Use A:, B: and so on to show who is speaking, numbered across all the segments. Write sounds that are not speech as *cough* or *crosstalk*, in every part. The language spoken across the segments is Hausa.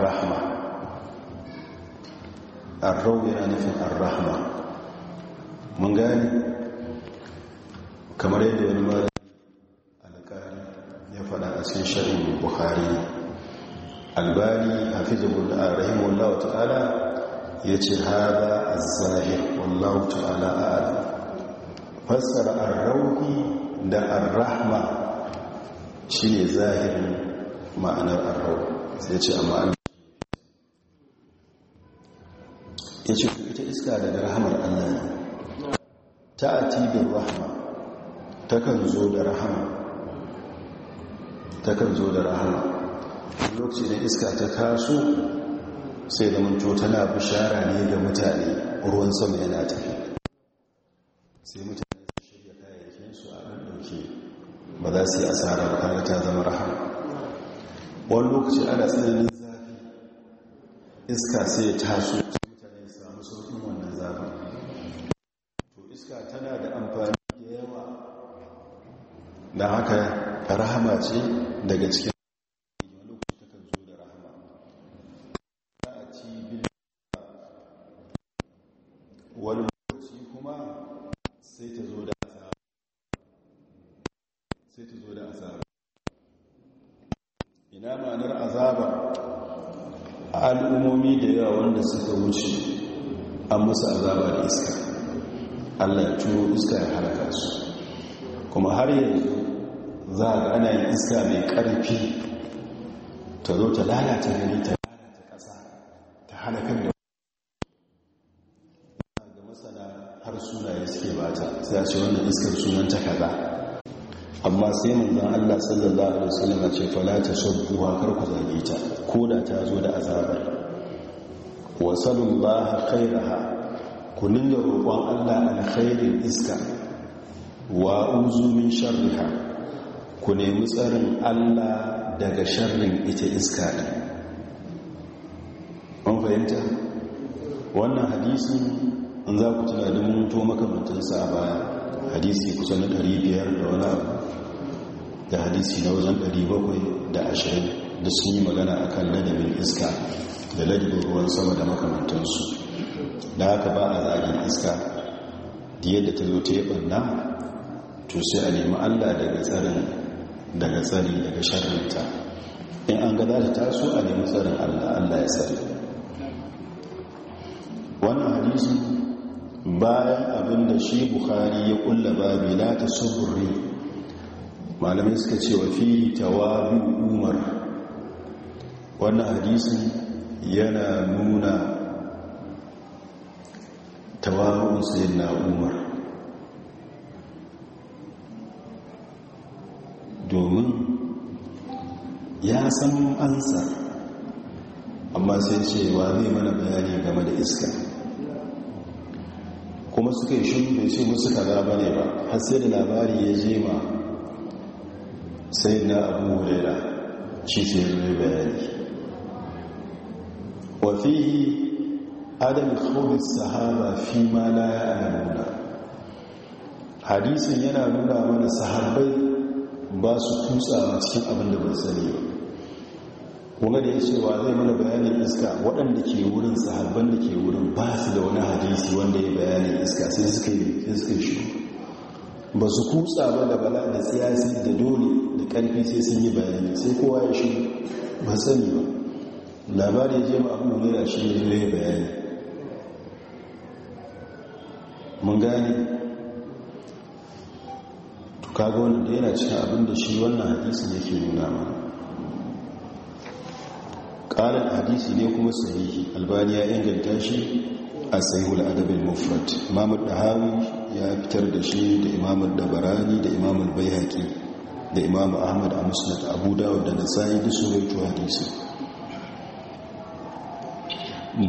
A: ar-rahma ar-rau yana nufin ar mun gani kamar yadda wani mara alƙari ya faɗa a cikin sha'in buhari albani hafizul rahimahullahu ta'ala yace hada az-zahir wallahu ta'ala fassara ar da ar-rahma shine zahirin ma'anar ar sai ce amma ya ce ita iska daga rahamar allah ne ta tibin rahama kan zo da rahama Ta kan zo da rahama lokaci da iska ta taso sai da manto tana bishara ne ga mutane ruwan sama yana tafi sai mutane su shirya su a ɗan ɗauke ba za su yi asara ba kada ta zama rahama wani lokaci ana tsananin zafi iska sai ya taso da haka rahama ce daga cikin ta lalata gari ta lalata ƙasa ta halakar da ga masana har sunaye suke bata sai a ce wannan iskar sunan ta kaza amma sai manzan Allah sallallahu alaihi wasallam ce fala shan sabbuha kar ku zage ta da ta zo da azabar wa sallallahu khairaha ku dinga roƙon Allah alkhairin iska wa uzu min sharriha ku nemi tsarin Allah daga sharrin ita iska ɗin an fahimta wannan hadisi an za ku tunanin mutu makamantansa a baya hadisi kusa na 500 da wani abu da hadisi na wajen 700 da ashirin da sun yi magana a kan ladabin iska da ladabin ruwan sama da makamantansu da haka ba a zagin iska da yadda ta zo ta yi ɓanna to sai a nemi allah daga tsarin daga tsari daga sharrinta in an ga za ta taso a nemi tsarin allah allah ya tsari wannan hadisi bayan abinda shi buhari ya kulla babi la ta suburri malamai suka ce wa fi tawabi umar wannan hadisin yana nuna tawabin sayin na umar ya san ansa amma sai cewa zai mana bayani game da iska kuma suka yi shun bai su musu kaza ba ne ba har sai da labari ya je ma sai na abu hurera shi ce mai bayani wafihi adam kawai sahaba fi ma la ya'lamuna hadisin yana nuna mana sahabbai ba su tutsa cikin abin da ba sani ba kuma da ya cewa zai mana bayanin iska waɗanda ke wurin sahabban da ke wurin ba su da wani hadisi wanda ya bayanin iska sai suka yi iska shi ba su kutsa ba da bala da siyasi da dole da ƙarfi sai sun yi bayani sai kowa ya shi ba sani ba labari ya je ma abu ne da shi ne ya bayani mun gane tukago da yana cikin abin da shi wannan hadisi yake nuna mana ƙarin hadisi ne kuma sahihi albani ya inganta shi a sahihul adabin mufrat imamul dahawi ya fitar da shi da imamul dabarani da bai baihaqi da imamu ahmad a musnad abu dawud da nasai da suraitu hadisi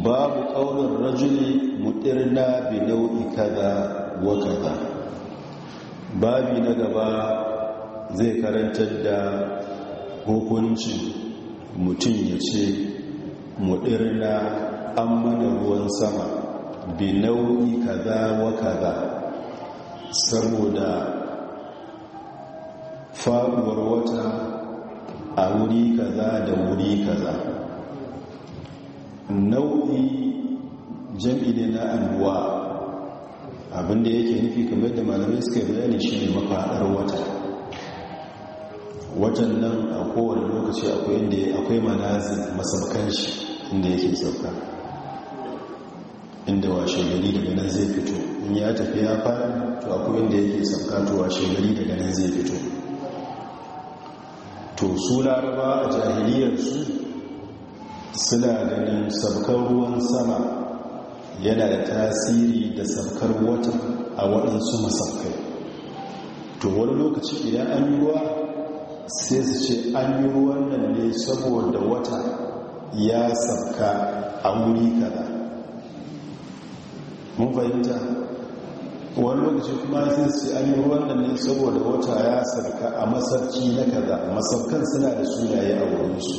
A: babu ƙaunar rajuli mutirna bi nau'i kaza wa kaza babi na gaba zai karantar da hukunci. mutum ya ce muɗirna an mana ruwan sama bi nau'i kaza wa kaza saboda faɗuwar wata a wuri kaza da wuri kaza nau'i jam'i ne na anuwa abinda yake nufi kamar da malamai suka bayani shi ne mafaɗar wata wajen nan a kowane lokaci akwai inda akwai manazin masaukan shi inda yake sauka inda washe gari daga nan zai fito in ya tafi ya fara to akwai inda yake sauka to washe gari daga nan zai fito to su laraba a jahiliyarsu suna ganin saukar ruwan sama yana da tasiri da saukar wata a waɗansu masaukai to wani lokaci idan an ruwa sai su ce an yi wannan ne saboda wata ya sabka a wuri kada mun fahimta wani lokaci kuma sai su ce an yi wannan ne saboda wata ya sabka a masarki na kaza masaukan suna da sunaye a wurinsu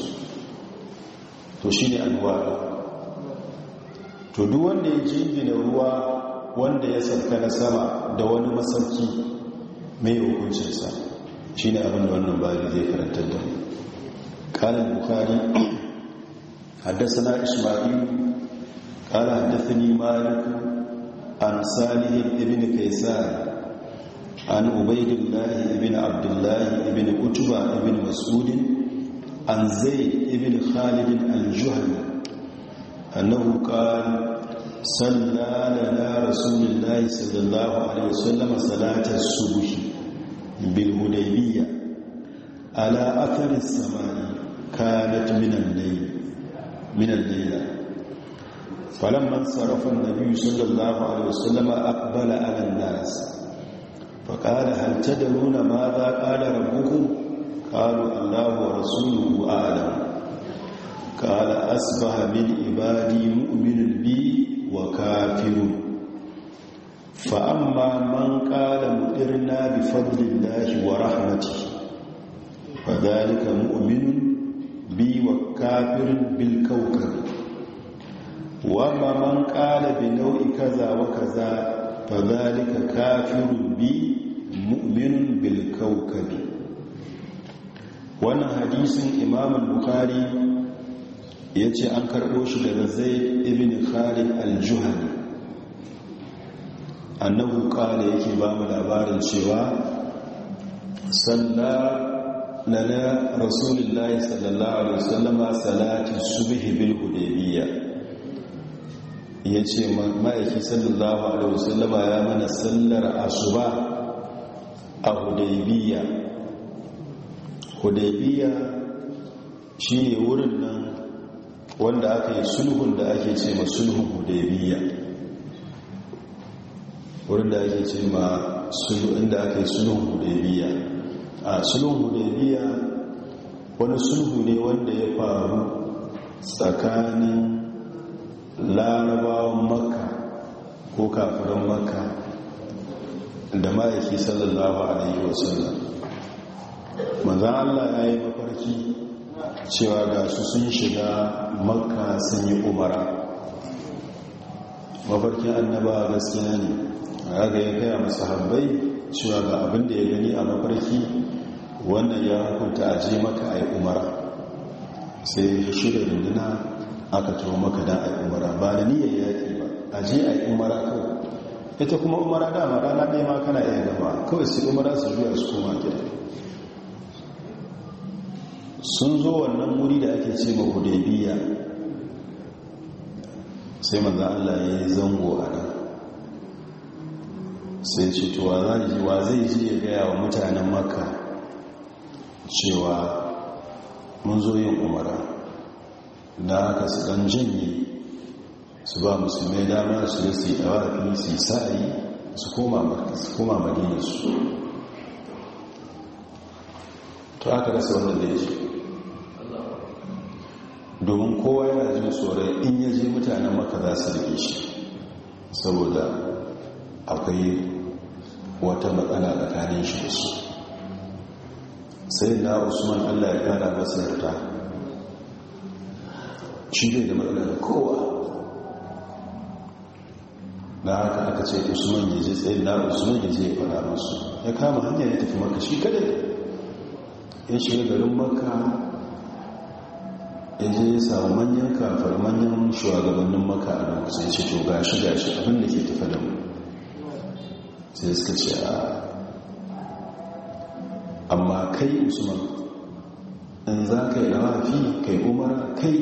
A: to shi ne alwala to duk wanda ya jingina ruwa wanda ya sabka na sama da wani masarki mai hukuncinsa shi ne abinda wannan babi zai karantar da ƙalin bukari haddasa ismail ƙala haddasa ni malik an salihin ibn kaisar an ubaidillahi ibn abdullahi ibn utuba ibn masudin an zai ibn khalidin aljuhani annahu ƙalin صلى لنا رسول الله صلى الله عليه وسلم صلاة الصبح bilhudaibiya ala akarin samani kanat minan daila falamman tsarafin na biyu sallallahu alaihi wasallama akbala alan nas faƙaɗa halta da nuna ma za ƙaɗa rabuhu ƙaru allahu wa rasuluhu adam ƙaɗa asibahamin ibadi mu'minin bi wa kafinu fa’amma man ƙala mu’irna bi fadlin lahi wa rahmati fa zalika mu’aminin bi wa kafirin bil kawukan wamma man ƙala bi nau’i kaza wa kaza fa zalika kafirin bi mu’aminin bil kawukan wani hadisun imamun bukari ya ce an karɓo shi daga zai ibin harin aljuhari annabu kala yake ba mu labarin cewa na lana rasulullahi sallallahu alaihi wasallama salati subhi bil hudaybiyya yace ma'aiki sallallahu alaihi wasallama ya mana sallar asuba a hudaybiyya hudaybiyya shine wurin nan wanda aka yi sulhun da ake ce ma sulhun hudaybiyya wurin da ake ce ma sulu inda aka yi sulhun hudaybiya a sulhun hudaybiya wani sulhu ne wanda ya faru tsakanin larabawan makka ko kafiran makka da ma'aiki sallallahu alaihi wasallam manzan allah ya yi mafarki cewa ga su sun shiga makka sun yi umara mafarkin annaba gaskiya ne haka ya gaya masa habbai cewa ga abin da ya gani a mafarki wannan ya hukunta a je maka a yi umara sai ya shirya rundunar aka tuwa maka don a yi umara ba da niyyar yi ba a je a yi umara kawai ita kuma umara dama rana ɗaya ma kana iya gaba kawai sai umara su juya su koma gida sun zo wannan wuri da ake ce ma hudaybiya sai manzan Allah ya yi zango a nan sai ce tuwa zai ji ya gaya wa mutanen maka cewa mun zo yin umara da aka su dan janye su ba musulmai dama su yi su yi dawafi su yi sa'ayi su koma madina su aka rasa wannan da ya ce domin kowa yana jin tsoron in ya mutanen maka za su rike shi saboda akwai wata matsala kanin shi da su sai na usman allah ya kada masa yarda shi ne da matsala da kowa na haka aka ce usman ya je tsaye na usman ya je ya fada masu ya kama hanyar ya tafi maka shi kadai ya shiga garin maka ya je ya samu manyan kafar manyan shugabannin maka a lokacin shi to gashi gashi abinda ke tafi da mu sai suka ce a amma kai usman in za ka yi rawafi kai umara kai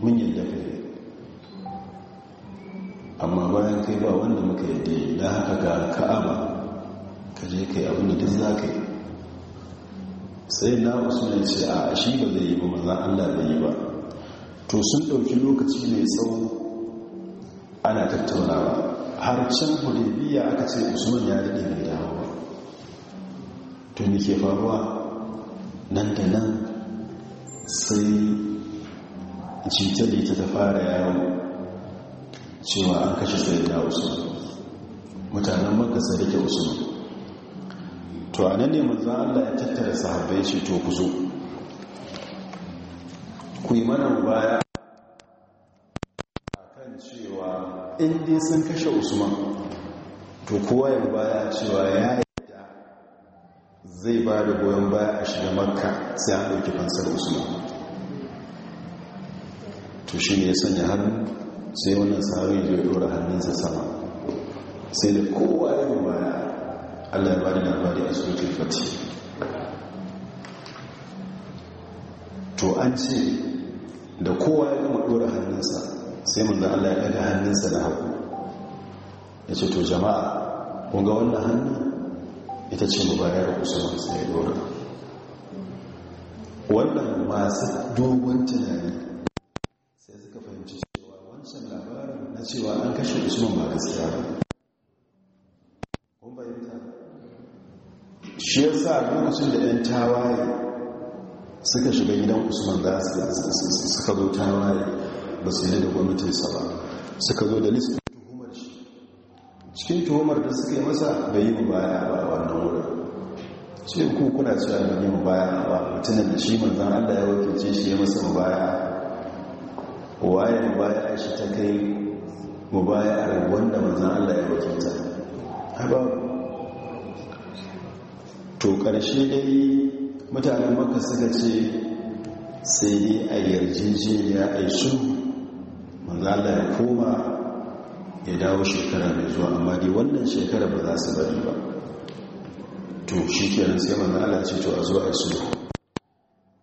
A: mun yadda ka yi amma bayan kai ba wanda muka yadda yi da haka ga ka'aba ka je kai abinda duk za ka yi sai na usman ce a shi ba zai yi ba maza allah zai yi ba to sun ɗauki lokaci mai tsawo ana tattaunawa har can biya aka ce usman ya daɗe mai dawo ba to ke faruwa nan da nan sai jitali ta fara yawo cewa an kashe sai da usman mutanen maka sai da usman to a nan ne manzan allah ya tattara sahabbai ce to ku zo ku yi mana baya inda sun kashe usman to kowa ya baya cewa ya yadda zai ba da goyon baya a shiga makka sai an ɗauki fansar usman to shi ne ya sanya hannu sai wannan sahabi zai ɗora hannunsa sama sai da kowa ya baya allah ya ba na labari a sojin fati to an ce da kowa ya gama ɗora hannunsa sai manzan Allah ya ɗaga hannunsa da hagu ya ce to jama'a ƙunga wannan hannu ita ce da kusa masu ya dora wannan masu dogon tunani sai suka fahimci cewa wancan labarin na cewa an kashe usman ba gaskiya ba shi ya sa lokacin da 'yan tawaye suka shiga gidan usman za su suka zo tawaye ba su yi da gwamnatinsa ba suka zo da listin tuhumar shi cikin tuhumar da suka yi masa bai yi baya ba a wannan wurin ce ku kuna cewa bai yi mubaya ba mutumin da shi manzan allah ya wakilce shi ya masa baya waye baya shi ta kai baya a wanda manzan allah ya wakilta to ƙarshe dai mutanen maka suka ce sai dai a yarjejeniya a yi shuru Za a ya koma ya dawo shekara mai zuwa amma dai wannan shekara ba za su bari ba to shi nan sai manzan ce to a zo a su?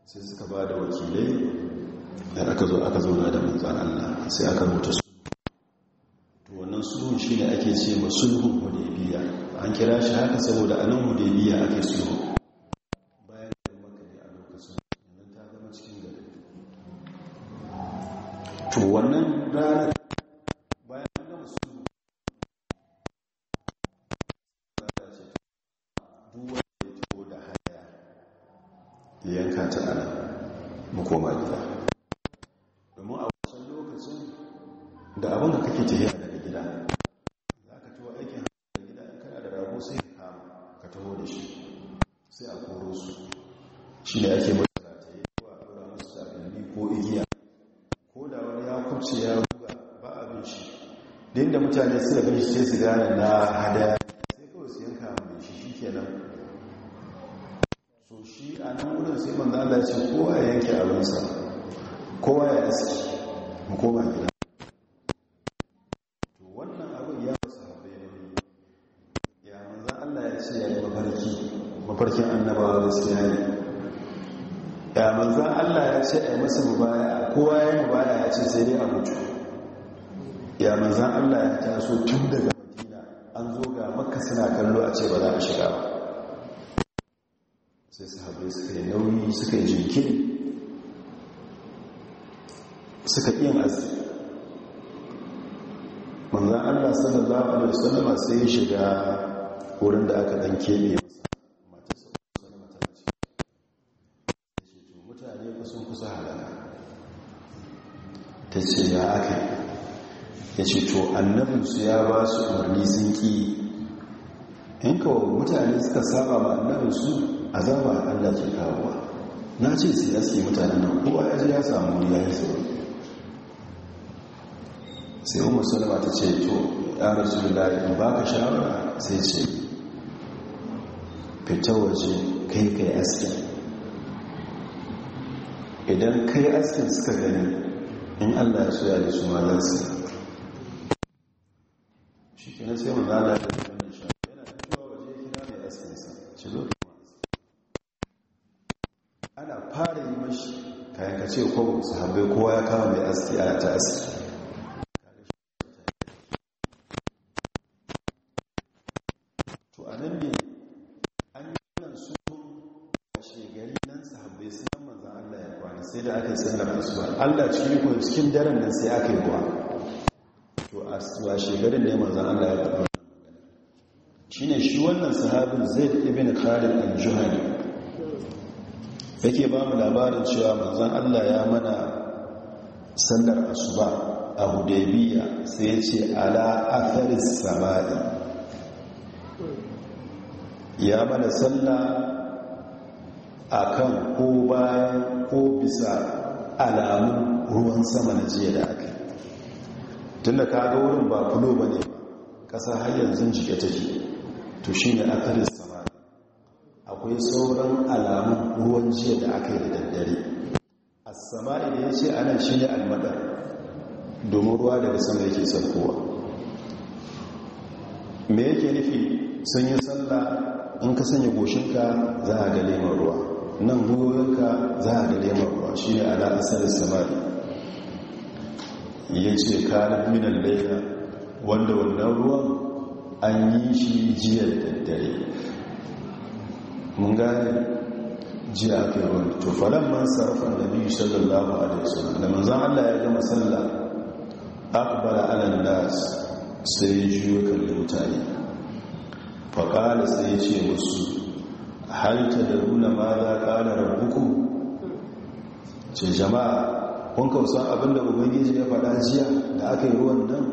A: sai suka ba da wakilai da aka zo aka zauna da manzan Allah sai aka mutu su to wannan sulhun shi ne ake ce ma sulhun hudaybiya an kira shi haka saboda a anan hudaybiya ake sulhu ya manzan Allah ya taso tun daga madina an zo ga makka suna kallo a ce ba za a shiga ba sai sahabai suka yi nauyi suka yi jinkiri suka yin azumi manzan Allah sallallahu alaihi wasallama sai ya shiga wurin da aka dan keɓe ya ce to su ya ba su umarni sun ƙi in kawo mutane suka saba ba su, a zama allah ke kawowa na ce su ya suke mutane nan kowa ya ji ya samu ya yi sauri sai umar salama ta ce to ya rasu in ba ka shawara sai ce fita waje kai kai aske idan kai askin suka gani in allah ya soya da su malarsa kenan sai mu zala da wannan shi yana fitowa waje kira mai ana fara yi mashi kayan ka ce ko kowa ya kama mai aski ana ta aski
B: nan ne an yi wannan nan sahabbai Allah ya kwana sai da aka sallar asuba Allah cikin daren nan
A: sai aka yi kuwa. suwa shekarun da zan manzan Allah ya faɗa shi ne shi wannan sahabin zai ibn khalid al-juhani yake ba mu labarin cewa manzan Allah ya mana sallar asuba a hudebiya sai ya ce ala atharis samari. ya mana sallah akan ko bayan ko bisa alamun ruwan sama na jiya da aka tun da kaga wurin ba fulo ba ne ƙasa har yanzu ta ji, to shi ne a kan sama akwai sauran alamun ruwan jiya da aka yi da daddare a sama da ya ce ana shi ne almadar domin ruwa daga sama yake sarkowa me yake nufi sun yi sallah in ka sanya goshinka za a ga neman ruwa nan gwiwoyinka za a ga neman ruwa shi ne ala'asar samari ya ce kanar minan laila wanda wannan ruwan an yi shi jiyar daddare mun gane jiya aka yi wani tufalan man sarrafa da biyu sallallahu alaihi wasallam da manzan allah ya gama sallah akbara alal nas sai yi juyo kalli mutane faƙala sai ya ce musu halitta da nuna ma za ƙalar hukum ce jama'a kun kausa abinda ubangiji ya faɗa jiya da aka yi ruwan nan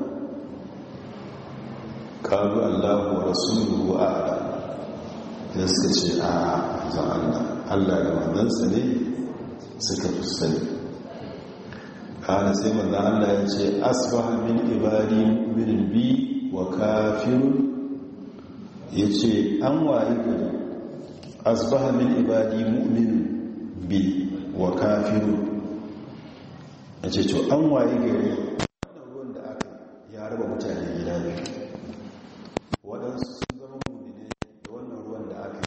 A: kalu allah wa rasuluhu ala ya suka ce a zan allah allah da manzansa ne suka fi sani kana sai manzan allah ya ce asbaha min ibadi mu'minin bi wa kafin. ya ce an waye gari asbaha min ibadi mu'minin bi wa kafin. a ce to an waye gari wannan ruwan da aka ya raba mutane gida ne waɗansu sun zama mummune da wannan ruwan da aka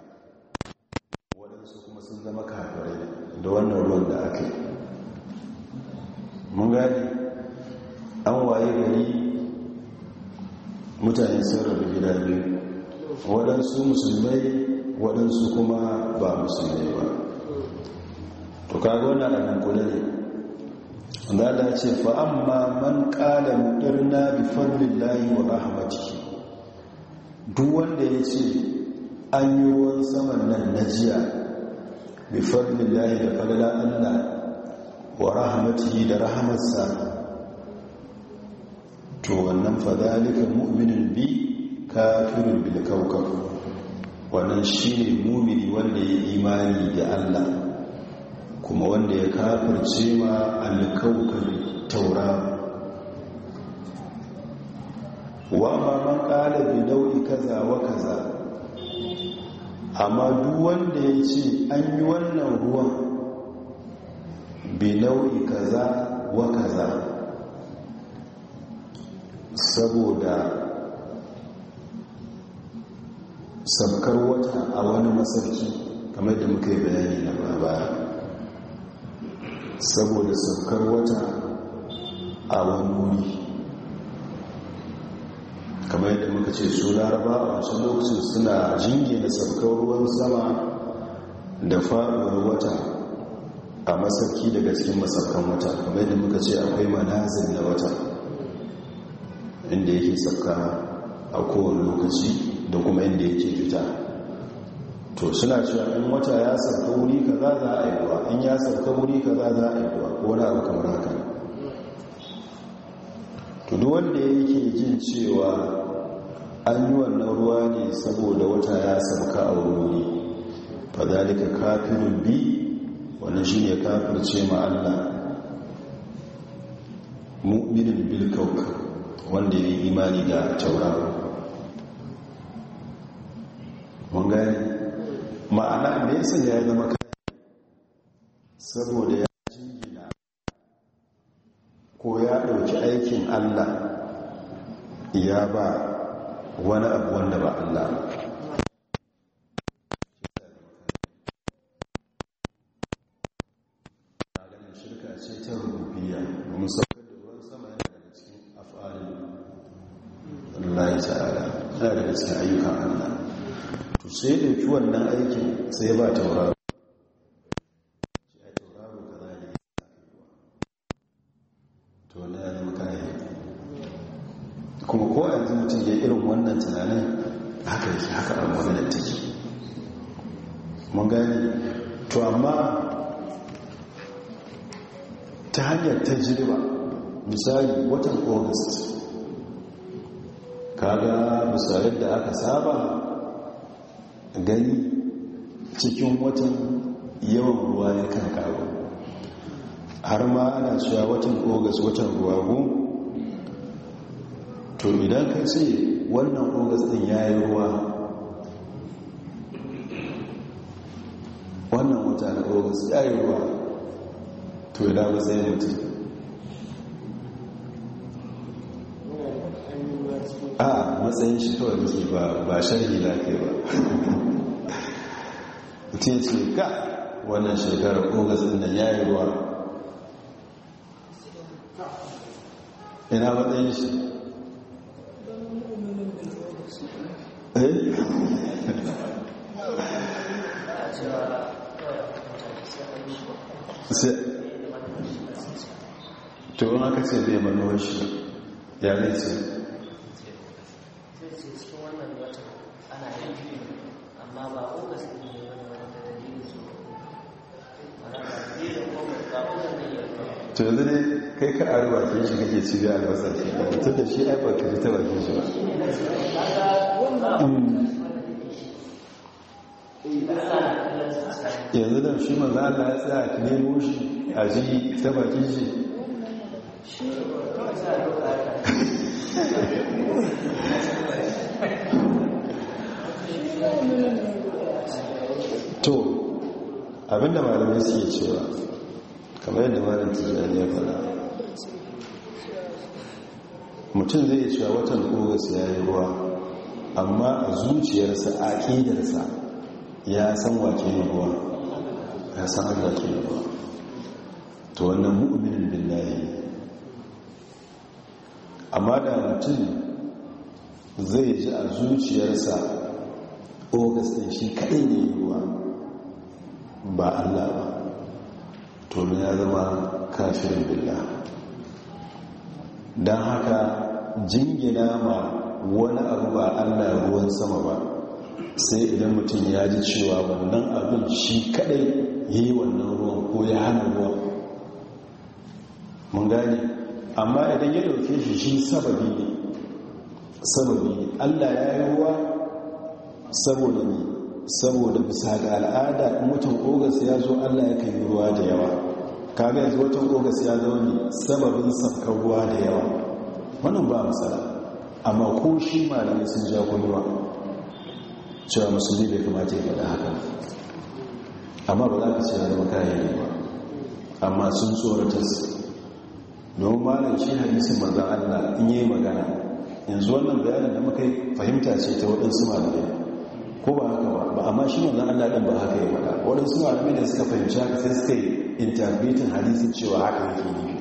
A: waɗansu kuma sun zama kafirai da wannan ruwan da aka mun gani an waye gari mutane sun rabu gida biyu waɗansu musulmai waɗansu kuma ba musulmai ba to kaga wannan abin kula ne wanda ce fa amma man qala mudirna bi fadlillahi wa rahmatihi duk wanda ya ce an yi ruwan saman nan na jiya bi fadlillahi da fadlan Allah wa rahmatihi da rahmatsa to wannan fa dalika mu'minin bi kafirin bil kawkab wannan shine mu'mini wanda ya imani da Allah kuma wanda ya kafirce ma alkaukar taura wa man kala bi nau'i kaza wa kaza amma duk wanda ya ce an yi wannan ruwan bi nau'i kaza wa kaza saboda sabkar wata a wani masarki kamar da muka yi bayani na baba saboda saukar wata a wani wuri kamar yadda muka ce su laraba a wancan lokacin suna jingina saukar ruwan sama da faɗuwar wata a masarki daga cikin masarkan wata kamar yadda muka ce akwai manazin na wata inda yake sauka a kowane lokaci da kuma inda yake fita to suna cewa in wata ya sarka wuri kaza za a yi in ya sarka wuri kaza za a yi ko wani abu kamar haka to duk wanda yake jin cewa an yi wannan ruwa ne saboda wata ya sarka a wuri fadalika kafirun bi wani shi ne kafirce ma Allah mu'minin bilkauk wanda ya yi imani da tauraro mun ma'ana me yasa ya zama kai saboda ya jingina ko ya ɗauki aikin allah ya ba wani abu wanda ba allah ne. sai ba tauraro kuma ko yanzu mutum ya irin wannan tunanin haka yake haka a maganar take mun gani to amma ta hanyar ta jirba misali watan august kaga misalin da aka saba gani cikin watan yawan ruwa ya kan karu har ma ana cewa watan ogas watan ruwa goma to idan ka ce wannan ogas din ya yi ruwa wannan wata na ogas ya yi ruwa to idan ba sai mutu a matsayin shi kawai ba sharhi lafiya ba *laughs* sai ce ka wannan shekarar ogas inda ya yi ruwa ina matsayin shi eh? to wani aka ce zai manuwar shi ya amma ba to yanzu dai kai ka a ruwa ke shi kake ci biya albasa tun da shi aibar ka fita ta bakin shi ba yanzu da shi za Allah ya tsaya ka nemo shi a ji ta bakin shi *laughs* to abinda malamai suke cewa kamar yadda malin tijjani ya fara mutum zai cewa watan ogus ya yi ruwa amma a zuciyarsa a ƙidarsa ya san wake ruwa ya san an wake ruwa to wannan mu'minin billahi amma da mutum zai ji a zuciyarsa ogas ɗin shi kaɗai ne ruwa ba allah ba domin ya zama kafirin billah don haka jingina ma wani abu ba allah ruwan sama ba sai idan mutum ya ji cewa wannan abin shi kadai ya yi wannan ruwan ko ya hana ruwa. mun gane amma idan ya dauke shi shi sababi ne sababi allah ya yi ruwa saboda ne saboda bisa ga al'ada mutum ogas ya zo allah ya kan ruwa da yawa kaga yanzu watan ogas ya zo ne sababin saukar ruwa da yawa wannan ba misali amma ko shi malamai sun ja kuluwa cewa musulmi bai kamata ya faɗa haka amma ba za ka ce da makayari ba amma sun tsorata su domin malam shi hadisin manzan allah in yi magana yanzu wannan bayanin da muka fahimta ce ta waɗansu malamai ko ba haka ba ba amma shi manzan Allah ɗin ba haka ya faɗa wani suna alami da suka fahimci haka sai suka yi interpretin hadisin cewa haka yake ne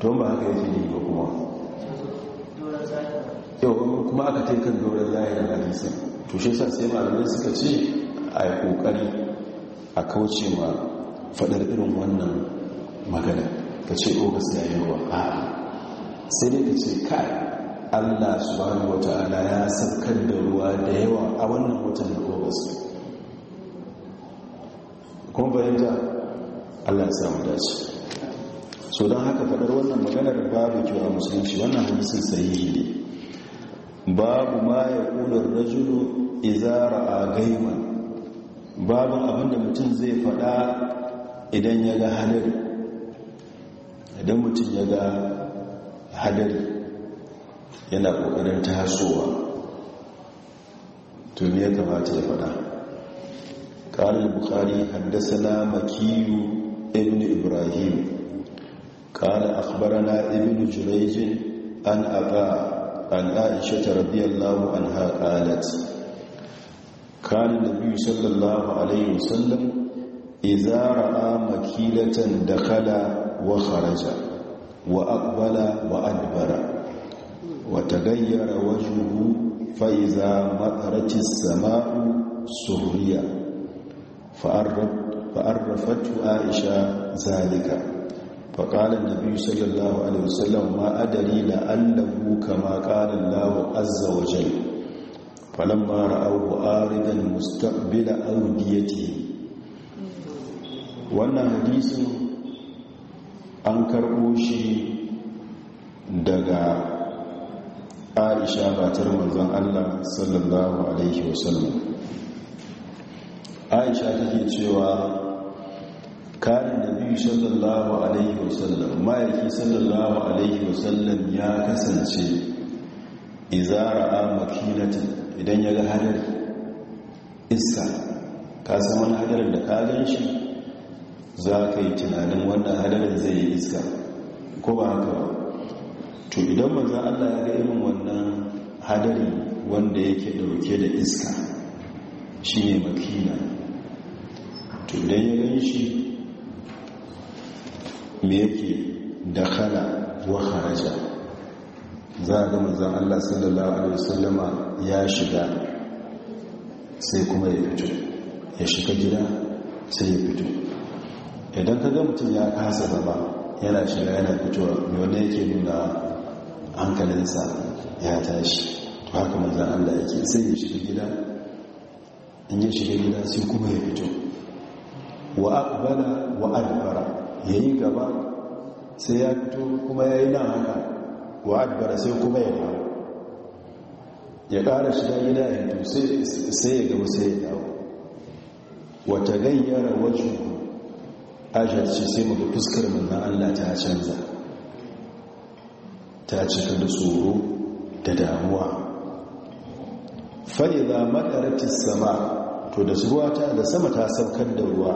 A: to ba haka yake ne ba kuma yau kuma aka ta kan doron zahirin hadisin to shi sa sai malamai suka ce a yi ƙoƙari a kauce ma faɗar irin wannan magana ka ce o oh, ba sai a a sai dai ka ce kai allah subhanahu wa ta'ala ya saukar da ruwa da yawa a wannan watan da kuma bayanta allah ya samu dace so don haka faɗar wannan maganar babu kyau a musulunci wannan hadisin sahihi ne babu ma ya ƙunar rajulu izara a gaiwa babu abinda mutum zai faɗa idan ya ga hadari idan mutum ya ga hadari yana ƙoƙarin tasowa to me ya kamata ya faɗa ƙarar bukari haddasa na makiyu ibn ibrahim ƙarar na ibn jurejin an aka. an aisha ta radiyallahu an haƙalat kanin da biyu sallallahu alaihi wasallam إذا wa مكيلة wa وخرج wa وأدبر watagayyara wajuhu fa’iza matsaraci sama’u suriya fa’arrafatu aisha zalika faƙalar da biyu sallallahu alaihi wasallam ma a dalila allahu kama ƙarin lawo azza waje falon mara abu aridan mustabila audiyati wannan hadisin an karbo shi daga aisha batar manzon allah sallallahu alaihi wasallam aisha take cewa kanin da biyu sallallahu alaihi wasallam ma'aiki sallallahu alaihi wasallam ya kasance izara a makinatin idan ya ga hadari isa ka saman hadarin da ka gan shi za ka yi tunanin wannan hadarin zai yi iska ko ba haka ba to idan manzan Allah ya ga irin wannan hadari wanda yake dauke da iska shi ne makina to idan ya gani shi me yake dakhala wa haraja za ga manzan Allah sallallahu alaihi wasallama ya shiga sai kuma ya fito ya shiga gida sai ya fito idan ka ga mutum ya kasa zama yana shiga yana fitowa wanda yake nuna hankalinsa ya tashi to haka manzan Allah yake sai ya shiga gida in ya shiga gida sai kuma ya fito wa aqbala wa adbara yi gaba sai ya fito kuma yi nan haka wa adbara sai kuma ya dawo ya ƙara shiga gida ya fito sai ya gaba sai ya dawo wata gayyara wajen ajiyar shi sai mu fuskar manzan Allah ta canza ta cika da tsoro da damuwa idza makaratis sama to da ruwa ta da sama ta saukar da ruwa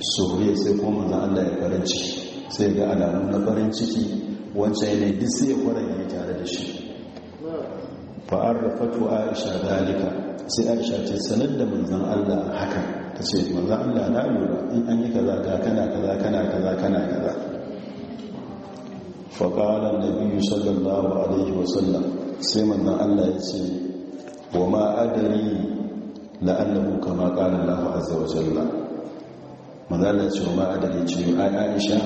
A: suriya sai kuma Maza allah ya farin ciki sai ga alamun na farin ciki wancan yanayi duk sai ya kwaranye tare da shi fa da aisha dalika sai aisha ce sanar da manzan allah haka tace ce allah na lura in an yi kaza kaza kana kaza kana kaza kana kaza faƙalar da biyu sallallahu alaihi wasallam sai manzan allah ya ce wa ma'adari la'allahu kama ƙalar lafa azza wa jalla manzan allah ce wa ma'adari ce A aisha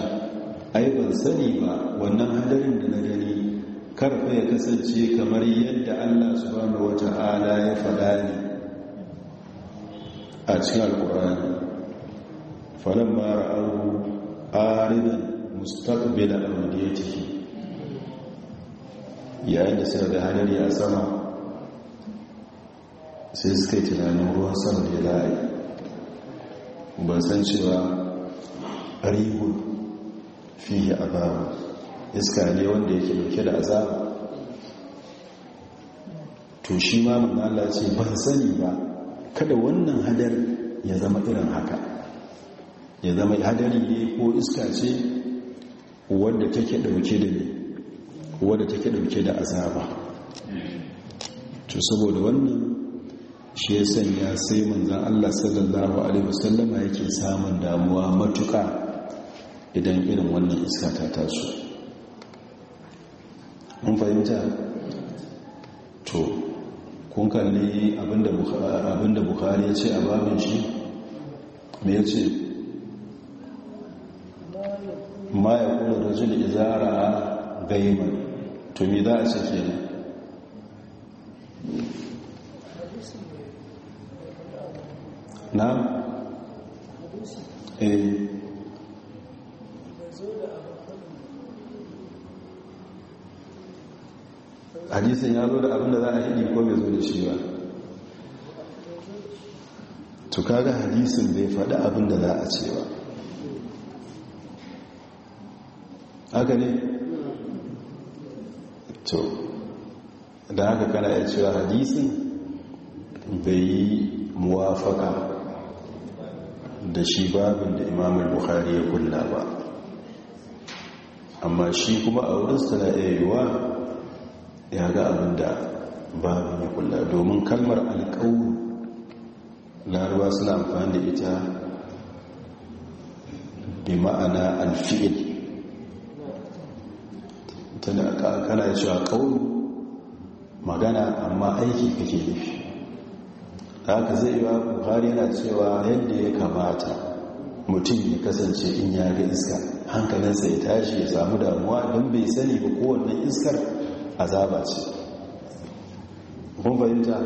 A: ai ban sani ba wannan hadarin da na gani karfa ya kasance kamar yadda allah subhanahu wa ta'ala ya faɗa ne a cikin alƙur'ani falon mara aru aridan mustaqbil ya ciki yayin da suka da hadari a sama sai suka yi tunanin ruwan sama ne ya a ban san cewa rihun fiye azaba iska ne wanda yake dauke da azaba to shi ma manala ce ban sani ba kada wannan hadar ya zama irin haka ya zama hadari ne ko iska ce wadda take dauke da ne wadda take dauke da azaba to saboda wannan shi ya sanya sai manzan Allah sallallahu alaihi wasallama yake samun damuwa matuka idan irin wannan iska ta taso mun fahimta to kun kalli abinda bukhari ya ce a babin shi me ya ce ma ya kula da zuli izara gaiman to me za a ce ke na? e. Eh. hadisun ya zo da abinda za a hidi ko bai zo da shi ba to kaga hadisin bai faɗi abinda za a ce ba haka ne to da haka kana ya cewa hadisin bai yi muwafaka da shi babin da imamun buhari ya kulla ba amma shi kuma a wurinsa na iya ya ga abin da babin ya kulla domin kalmar alkawun laraba suna amfani da ita bi ma'ana alfi'il tana kana cewa kaulu magana amma aiki kake nufi haka zai wa buhari yana cewa yadda ya kamata mutum ya kasance in ya ga iska hankalinsa ya tashi ya samu damuwa don bai sani ba kowanne iskar azaba ce kun fahimta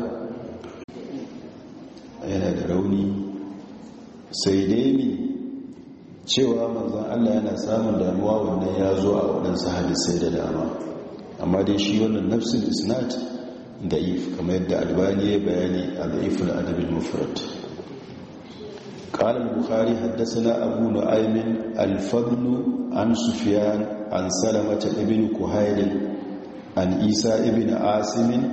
A: yana da rauni sai dai ne cewa manzan Allah yana samun damuwa wannan ya zo a waɗansu hadisai da dama amma dai shi wannan nafsin isnad da'if kamar yadda albani ya bayani a da'ifin adabin mufrat ƙalar buhari haddasa na abu nu'aimin alfadlu an sufiyan an salamata ibin kuhailin an isa Ibin asimin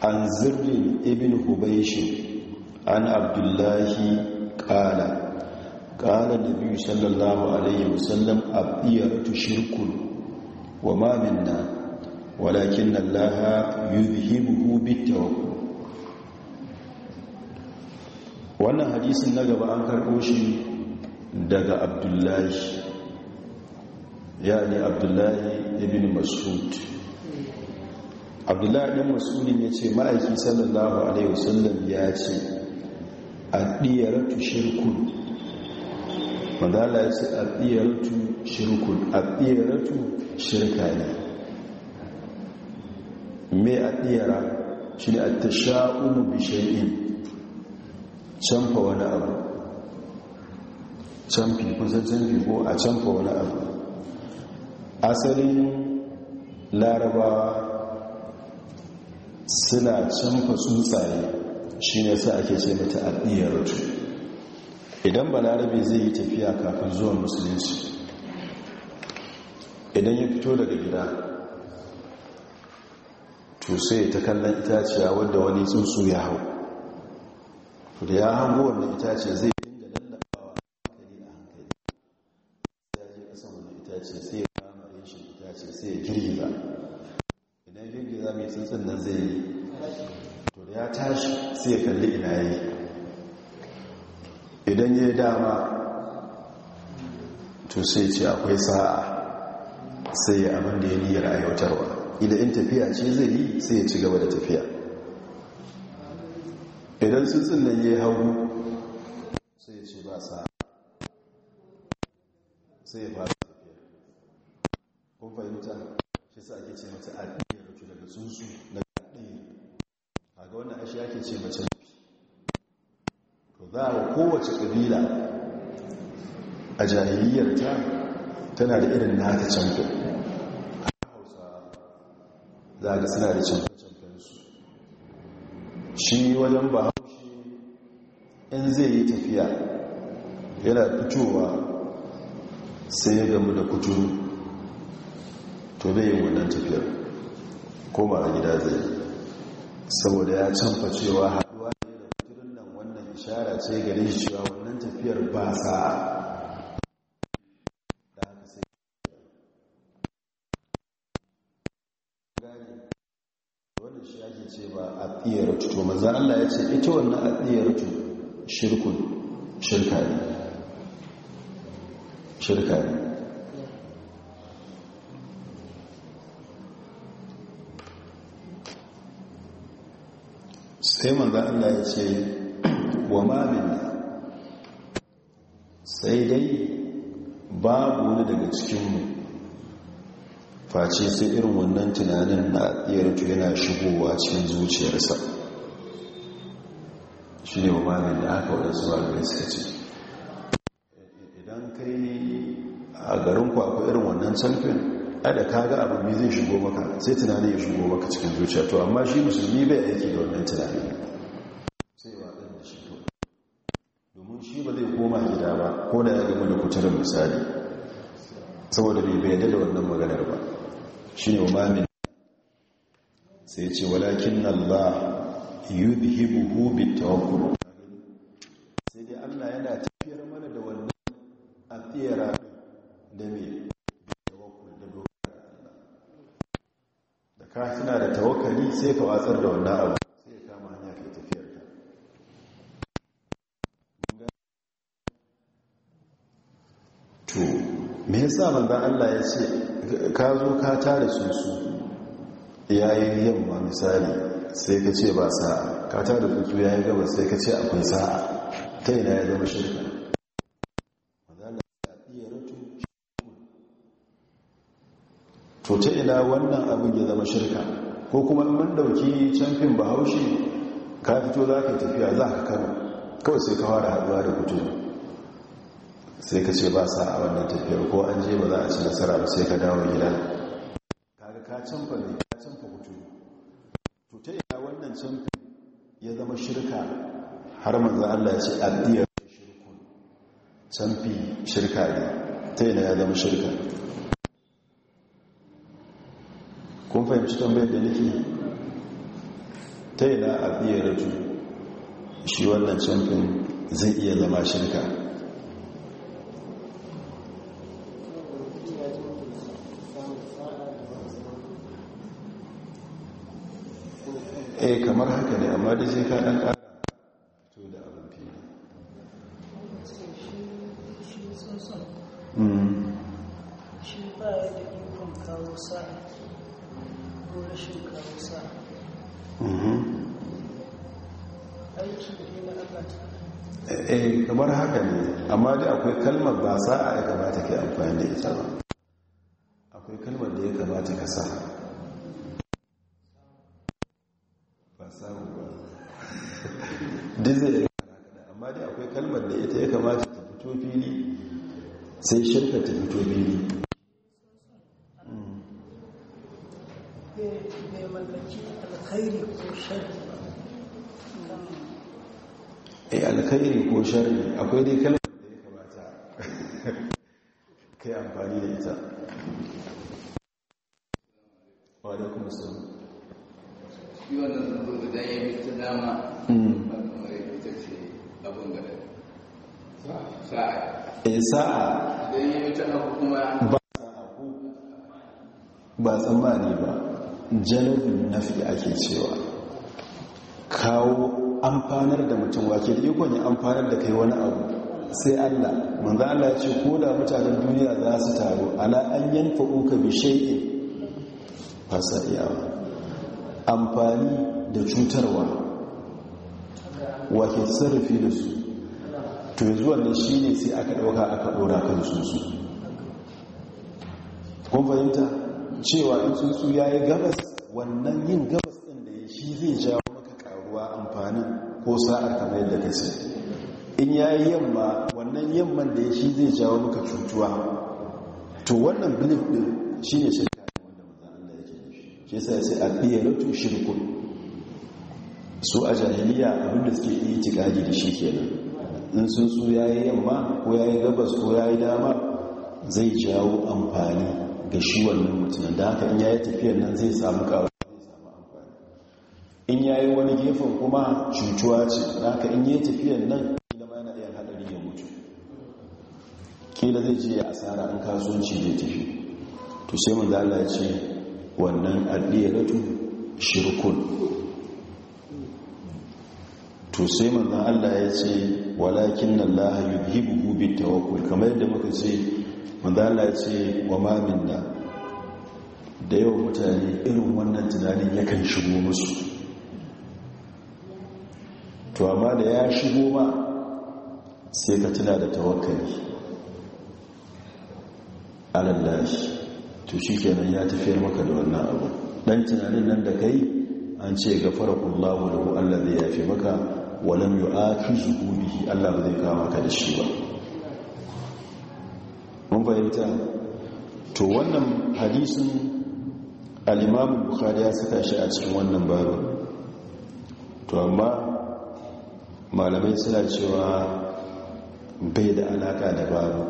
A: an zirin Ibin hubaishin an abdullahi ƙala da biyu قال النبي صلى الله عليه وسلم الطيرة شرك وما منا ولكن الله يذهبه بالتوكل wannan hadisin na gaba an karɓo shi daga abdullahi ya ne abdullahi ibn masud abdullahi ibn masudin ya ce ma'aiki sallallahu alaihi wasallam ya ce a ɗiyar tushirkun madala ya ce aɗiyaratu shirkun aɗiyaratu shirka ne me aɗiyara shi ne a ta sha'unu bishayin canfa wani abu canfi kusan canfi ko a canfa wani abu asalin larabawa suna canfa tsuntsaye shi ne sa ake ce mata aɗiyaratu idan balarabe zai yi tafiya kafin zuwan musulunci idan ya fito daga gida to sai ta kallon itaciya wadda wani tsuntsu ya hau da ya hango wannan itace zai dinga lallabawa hankali a hankali ya je kasan wannan itace sai ya kama reshin itace sai ya girgiza idan girgiza mai tsuntsun nan zai yi to da ya tashi sai ya kalli ina yi idan ya dama to sai ce akwai sa'a sai ya abin da ya niyyar aiwatarwa idan in tafiya ce zai yi sai ya ci gaba da tafiya
B: idan tsutsun nan ya hagu
A: sai ya ce ba sa'a sai ya fara tafiya kun fahimta shi sa ake ce mata adiyar daga tsuntsu daga ɗaya? a ga wannan ashe ake ce mace za a kowace ƙabila a ta tana da irin nata hausa za a suna da canko su. shi wajen ba haushe in zai yi tafiya yana fitowa sai ya gamu da kuturu to bai yin wannan tafiyar koma a gida zai saboda ya canfa cewa ce gare shi cewa wannan tafiyar ba sa to maza Allah ya ce ita wannan a shirkun shirka ne sai manzan Allah ya ce wa mamin sai dai babu wani daga cikinmu face sai irin wannan tunanin na yarto yana shigowa cikin zuciyarsa shi ne wa mamin da aka waɗansu ba da suka ce idan kai ne a garin akwai irin wannan camfin da kaga ga abin zai shigo maka sai tunanin ya shigo maka cikin zuciya to amma shi musulmi bai aiki da wannan tunanin. misali saboda bai bayyana da wannan maganar ba shi ne umarmin sai ce walakin Allah yudhibuhu bitawakkul sai dai Allah yana tafiyar mana da wannan afiyara da me tawakkul da dogara da ka da tawakkali sai ka watsar da wannan abu me yasa manzon Allah ya ce ka zo ka tare su su yayin yamma misali sai ka ce ba sa'a ka tare su su yayin gaba sai ka ce akwai sa'a ta ina ya zama shirka to ta ina wannan abin ya zama shirka ko kuma mun dauki camfin bahaushe ka fito za ka tafiya za ka kano kawai sai ka fara haɗuwa da kutu. sai ka ce ba sa a wannan tafiyar ko an je ba za a ci nasara ba sai ka dawo gida kaga ka canfa ne ka canfa hutu to ta iya wannan canfa ya zama shirka har manzo Allah ya ce addiyar shirkun canfi shirka ne ta yana ya zama shirka kun fahimci tambayar da nake ta yana addiyar raju shi wannan canfin zai iya zama shirka amma da sai ka ɗan ƙara to da abin mm. ba kawo sa ko rashin kawo sa mm-hmm. aiki ne na eh, eh kamar haka ne amma da akwai kalmar ba sa'a ya kamata ke amfani da ita ba akwai kalmar da ya kamata ka sa ba sa'a duk zai yi amma dai akwai kalmar da ita ya kamata ta fito fili sai shirka ta fito fili e alkhairi ko shari akwai dai kalmar da ya kamata *laughs* kai amfani da ita wadda kuma sun yi wannan zuwa da ya yi ta dama Eh, sa'a ba tsammani ba na nafi ake cewa kawo amfanar da mutum wake da ikon ya amfanar da kai wani abu sai allah manzan allah ce ko da mutanen duniya za su taru ala an yanfa uka bi shaikin amfani da cutarwa wato sarrafi da su to yanzu wannan shi ne sai aka ɗauka aka ɗora kan sunsu kun fahimta cewa in sunsu ya yi gabas wannan yin gabas ɗin da ya shi zai jawo maka ƙaruwa amfanin ko sa'ar kamar yadda ka sai in ya yi yamma wannan yamman da ya shi zai jawo maka cutuwa to wannan bilif ɗin shi ne shirka wanda mazan Allah yake shi sai sai a ɗiyar shirkun su a jahiliya abinda suke yi gaji da shi kenan in sun su ya yi yamma ko ya yi gabas ko ya yi dama zai jawo amfani ga shi wannan mutumin da haka in ya yi tafiyar nan zai samu kawo in ya yi wani gefen kuma cutuwa ce da haka in yi tafiyar nan kila ma yana iya haɗari ya mutu kila zai ce ya asara an kasuwanci zai tafi to sai mu zala ce wannan addiyaratu shirkun to sai manzan Allah ya ce walakin nan laha yuhibu bi tawakkul kamar yadda muka ce manzan Allah ya ce wa ma da yawan mutane irin wannan tunanin yakan shigo musu to amma da ya shigo ma sai ka tuna da tawakkali alallahi to shi kenan ya tafiyar maka da wannan abu dan tunanin nan da kai an ce gafarallahu lahu Allah zai yafe maka walam yu'akizuhu bihi Allah ba zai kama maka da shi ba mun fahimta to wannan hadisin al-Imam Bukhari ya saka shi a cikin wannan babu to amma malamai suna cewa bai da alaka da babu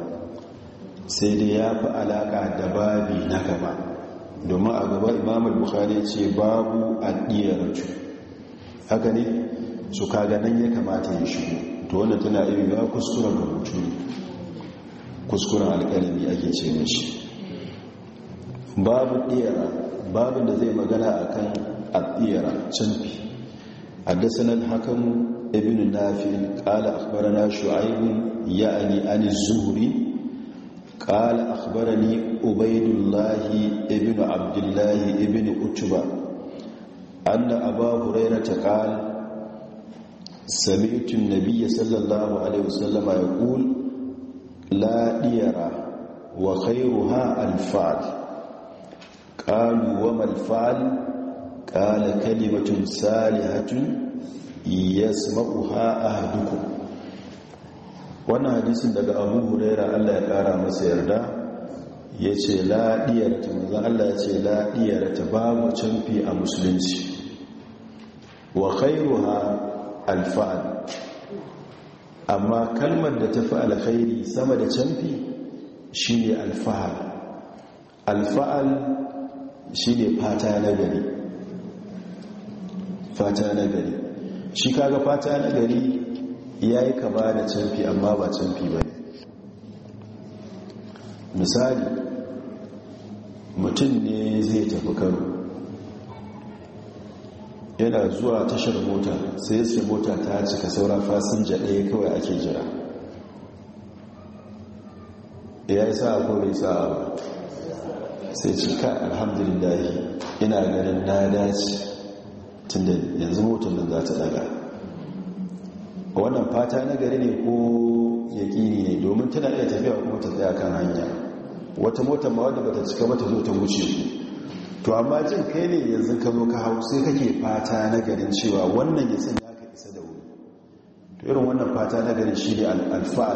A: sai dai ya fi alaka da babi na gaba domin a gaba imam al-bukhari ce babu addiyarci haka ne su kaga nan ya kamata ya shigo to wannan tana iri yiwuwa kuskuren rubutu ne kuskuren alƙalami ake ce mashi babu ɗiyara Babu da zai magana a kan ɗiyara canfi dasanar hakan ibn nafi ƙala na Shu'aibu, ya'ani ani zuhuri ƙala ni ubaidullahi ibn abdullahi ibn utuba anna aba hurairata ƙala sami'tun nabiya sallallahu alaihi wasallama ya ƙul la'iyara wa kai ha alfa'al ƙalu wa malfa'al ƙala kalimatun hatun, ya sumaku ha a duku Wani hadisun daga abu huraira allah ya ƙara masa yarda ya ce la'iyarta maza allah ya ce la'iyarta ba mu canfi a musulunci wa kai ha alfa'al amma kalmar da ta fi alkhairi sama da canfi shi ne alfa'al alfa'al shi ne fata na gari fata na gari shi kaga fata na gari ya yi kama da canfi amma ba canfi ba ne misali mutum ne zai tafi karo yana zuwa tashar mota sai yake mota ta cika sauran fasinja ɗaya kawai ake jira ya yi sa'a ko mai sa'a ba sai cika alhamdulillah ina ganin na dace tunda yanzu motar nan za ta daga wannan fata na gari ne ko yaƙini ne domin tana iya tafiya kuma ta tsaya kan hanya wata motar ma wadda bata cika ba ta ta wuce ku to amma jin kai ne yanzu ka zo ka hau sai kake fata na garin cewa wannan ya sanya ka isa da wuri to irin wannan fata na garin shi ne ka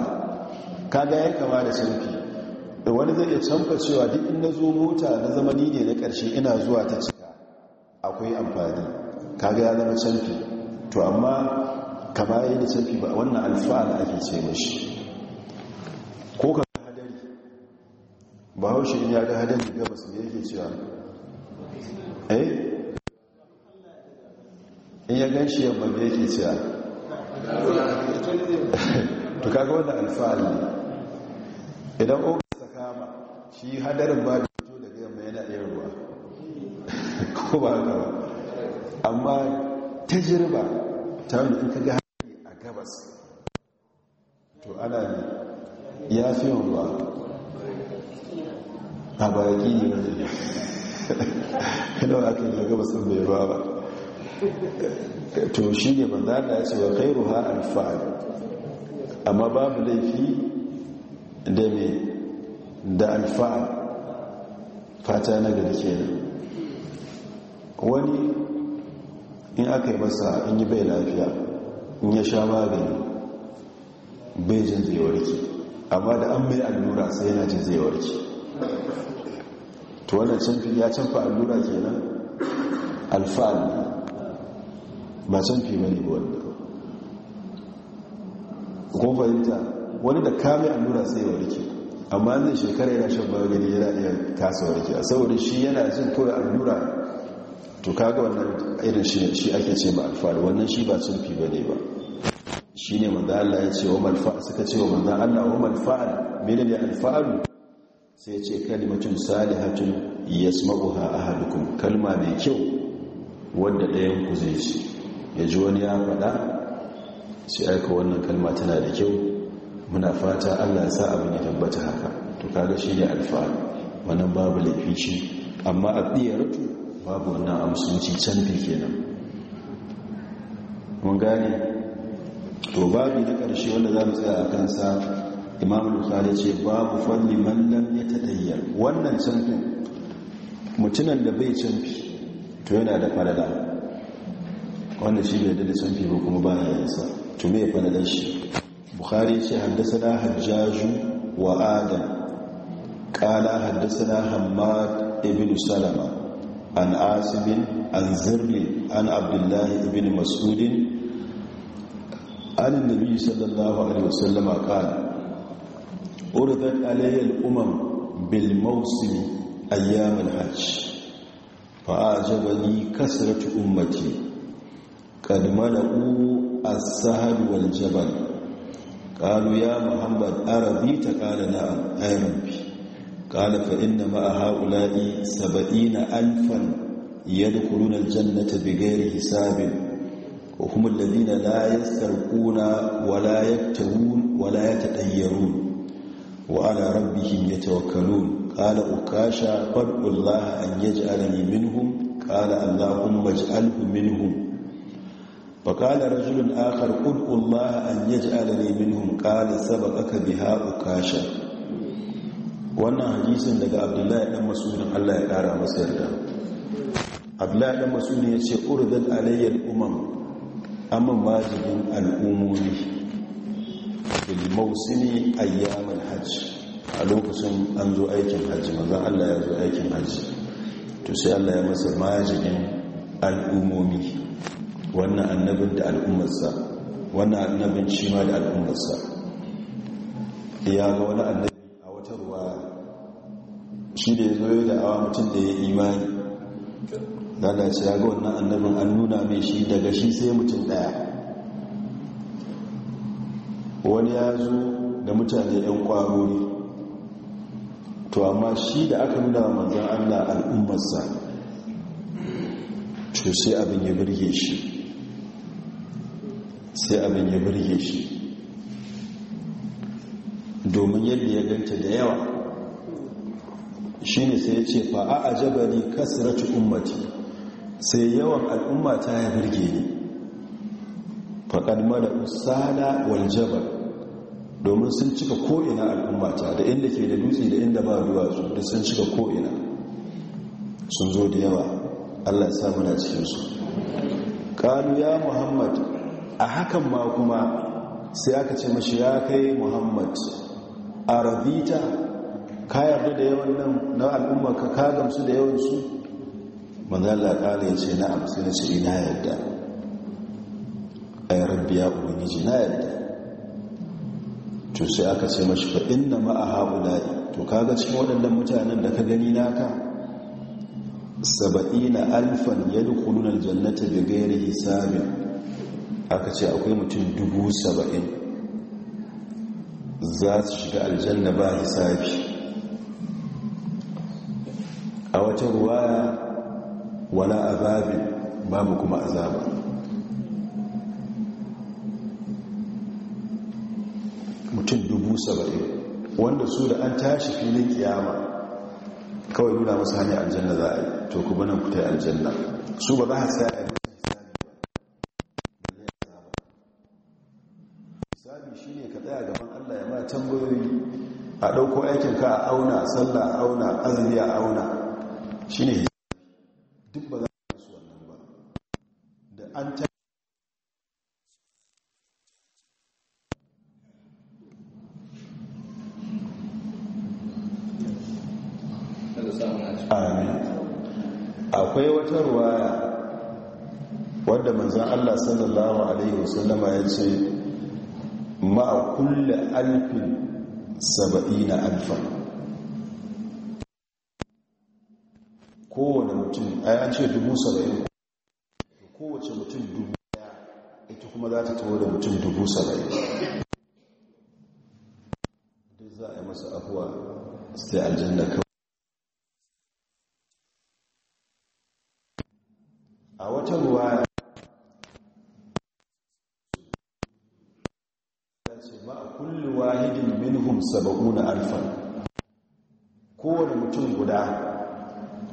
A: kaga ya kama da sauki da wani zai iya canfa cewa duk in na zo mota na zama ni ne na ƙarshe ina zuwa ta cika akwai amfani ga ya zama canfi to amma kama yi da canfi ba wannan alfa'ad ake ce mashi ko ka hadari bahaushe in ya ga hadari gabas ne yake cewa eh in ya gan shi yamma da yake cewa *laughs* to kaga wannan alfahari idan ogun ta kama shi hadarin ba da fito daga yamma yana iya ruwa *laughs* ko ba ka ba amma tajirba ta wani in ka ga hari a gabas to ana ne ya fi yamma ba a baki ne yana ake yi daga basu mai ba ba to shi ne manza da ya ce wa kairu ha alfahari amma babu laifi da mai da alfa'ad fata na gari wani in aka yi masa in yi bai lafiya in ya sha magani bai jin zai warke amma da an mai allura sai yana jin zai warke to wannan canfi ya canfa allura nan alfa'al ba canfi ba ne wanda kuma fahimta wani da kame allura sai warke amma zai shekara yana shan gani yana iya kasa rike a saboda shi yana jin kawai allura to kaga wannan irin shi ake ce ma alfa'al wannan shi ba canfi ba ne ba shi ne manzan Allah ya ce wa malfa'al suka ce wa manzan Allah wa malfa'al mene ne alfa'alu sai ce kalimatun salihatun a halukun kalma mai kyau wadda ɗayan ku zai ce ya ji wani ya faɗa sai aika wannan kalma tana da kyau muna fata Allah ya sa abin ya tabbata haka to kaga shi ne alfa'al wannan babu laifin shi amma a tsiyaratu babu wannan amsunci canfi kenan mun gane to babu na ƙarshe wanda za mu tsaya a kansa imam al ce babu fanni man lam ta tayyar wannan canfin mutunan da bai canfi to yana da farada wanda shi bai da canfi ba kuma ba ya yansa to me faradan shi bukhari ce haddasa na hajjaju wa adam kala haddasa na hamad ibn salama an asibin an zirli an abdullahi ibn masudin عن النبي صلى الله عليه وسلم قال أردت علي الأمم bilmausili ayyamin hajji fa’ajabali kasiratu umarci kalmanu a sahalwal jabal ƙalu ya muhammad arabi ta ƙala na ayyarin fi ƙala fa inda ma’a haƙulaɗi saba’i na alfan yadda kurunan jannata bigayar hisabin hukumar da nina na ya tsarkuna wala ya taɗayyarun wa’ala rabbihim ya tawakkalun ƙala ukasha faɗullah an yi ji’arani minhum ƙala allahun baj’alhu minhum ba ƙala rajulun akar ƙudullah an yi ji’arani minhum ƙala sabab aka biha ukasha wannan hadisun daga abdullahi ɗan masunin allah ya ƙara masu yarda abdullahi ɗan masunin ya ce ƙurdan alayyar umar amma majalin al’umuri fil yi ayyamin hajji a lokacin an zo aikin hajji mazan allah ya zo aikin hajji to sai allah ya masa majinin al'ummomi wannan annabin da al'ummarsa wannan annabin shi ma da al'ummarsa ya ga wani annabin a wata ruwa shi da ya zo da awa mutum da ya imani lalace ya ga wannan annabin an nuna mai shi daga shi sai mutum daya wani ya zo da mutane 'yan kwarori to amma shi da aka nuna manzan allah al'ummarsa to sai abin ya birge shi sai abin ya birge shi domin yadda ya ganta da yawa shi ne sai ya ce fa'a a jabari kasiratu ummati sai yawan al'umma ta ya birge ni faƙad mada usada wal jabal domin sun cika ko'ina al'ummata da inda ke da dutse da inda ba duwatsu da sun cika ko'ina sun zo da yawa allah ya samu na cikinsu ƙalu ya muhammad a hakan ma kuma sai aka ce mashi ya kai muhammad a rabita, ka yarda da yawan nan na al'umma ka gamsu da yawansu manzala ƙala ya ce na sai na shirina yarda ai rabbi ya ubangiji na yadda to sai aka ce mashi fa inna ma'a haula'i to kaga cikin waɗannan mutanen da ka gani naka saba'ina alfan ya aljannata bighairi hisabin aka ce akwai mutum dubu saba'in za su shiga aljanna ba hisabi a wata ruwaya wala azabin babu kuma azaba 70 wanda su da an tashi filin kiyama kawai nuna masu hanyar aljanna za a yi to kuma nan kuta aljanna su ba za a sa a hisabi shi ne ka tsaya gaban allah ya ma tambayoyi a ɗauko aikinka a auna sallah a auna azumi a auna shi ne duk ba za alaihi wasallama ya ce ma'a kulle alfin na alfa kowane mutum a yan ce dubu saba'in kowace mutum dubu daya ita kuma za ta tawo da mutum dubu saba'in duk za a yi masa abuwa sai aljanna kawai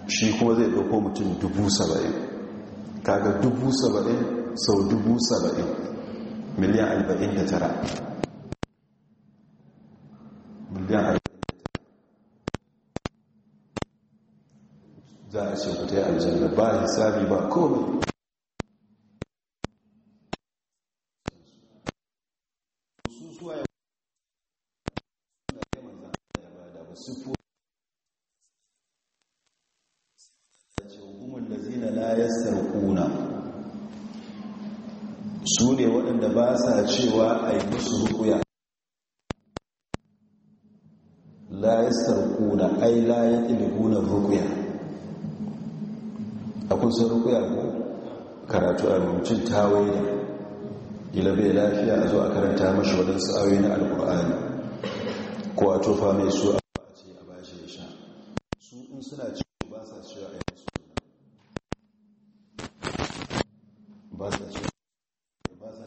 A: shi kuma zai ɗauko mutum dubu saba'in kaga dubu saba'in sau dubu saba'in miliyan alba'in da tara miliyan tara, za a ce ku ta yi aljanna ba hisabi ba komai mutum tawaye gila bai lafiya a zo a karanta mashi waɗansu awi na alkur'ani ko a tofa mai su a ce a bashi ya sha su in suna ciwo ba sa cewa a yi su ba sa cewa ba sa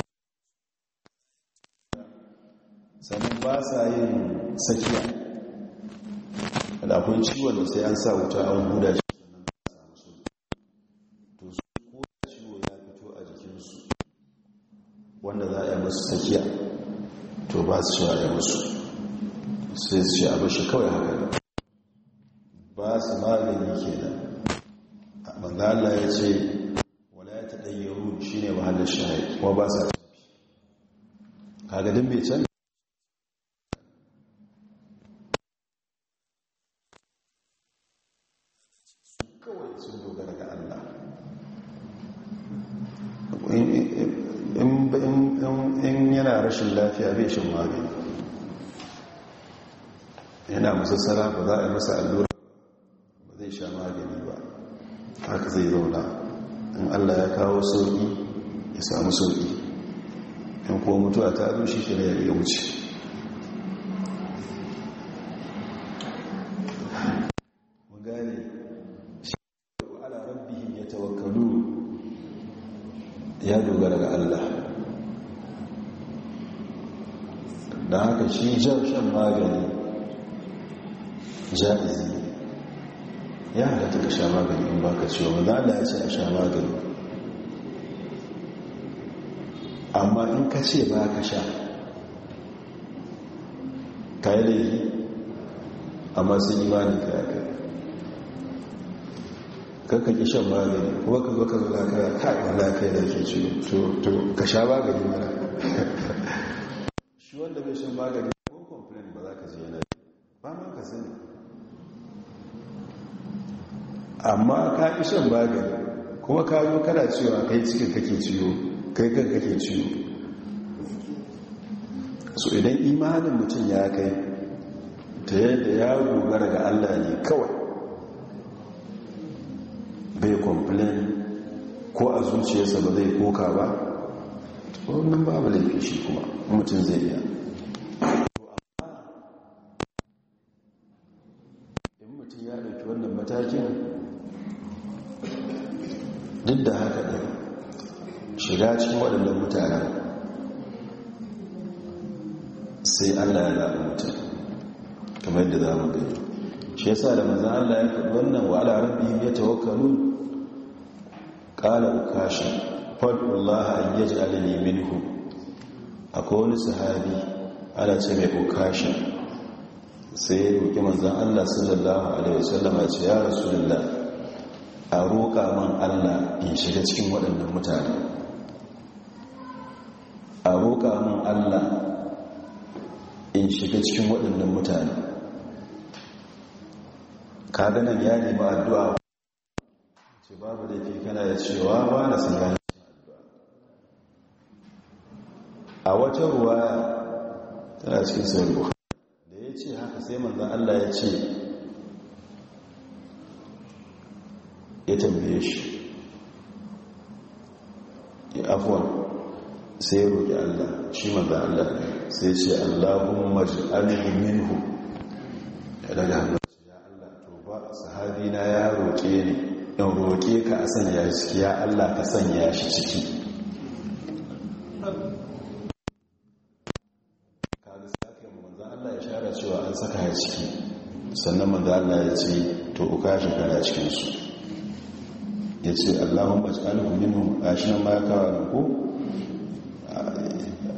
A: sannan ba sa yin sakiya da akwai ciwon da sai an sa wuta an buda masu da musu sai su ce abin shi kawai haka ba su magani ke da abinda Allah ya ce wala ya taɗayyaru shi ne wahalar shahai kuma ba sa kaga kagadin bai masassara ba za a yi masa allura ba zai sha magani ba haka zai zauna in allah ya kawo sauƙi ya samu sauƙi in kuwa mutuwa ta zo shi shi ya wuce ja'izi ya halatta ka sha magani in baka ciwo ba za a ya ce a sha magani amma in ka ce ba ka sha ka yi laifi amma masu yi ka yi kai kanka ki shan magani kuma ka zo lafiya ka wala lafiya da ke ciwo to ka sha magani mara *laughs* fi shan bagan kuma ka zo kada cewa kai cikin kake ciwo kai kan kake ciwo so idan imanin mutum ya kai ta yadda ya dogara ga allah ne kawai bai complain ko a zuciyarsa ba zai koka ba wannan babu laifi shi kuma mutum zai iya cikin waɗannan mutane sai allah ya zaɓi mutum kamar yadda za mu gani shi ya sa da mazan allah ya faɗi wannan wa al'arabi ya tawakalu ƙala ukashi faɗullah an yaji alali minhu akwai wani sahabi ana ce mai ukashi sai ya roƙi mazan allah sallallahu alaihi wasallam ya ce ya rasu a roƙa man allah in shiga cikin waɗannan mutane roƙa min Allah in shiga cikin waɗannan mutane ka ganin ya ba addu'a ce babu da ke kana ya cewa ba na sun gani a wata ruwa tana cikin sauran da ya ce haka sai manzan Allah ya ce ya tambaye shi ya afuwa sai roƙi Allah shi maza Allah sai ce Allahumma ij'alni minhu ya daga hannu ya Allah to ba sahabi na ya roƙe ne, in roƙe ka a sanya shi ya Allah ka sanya shi ciki kaga sake maza Allah ya shara cewa an saka ya ciki sannan maza Allah ya ce to uka shi kana cikinsu ya ce Allahumma ij'alni minhu nan ba ya kawo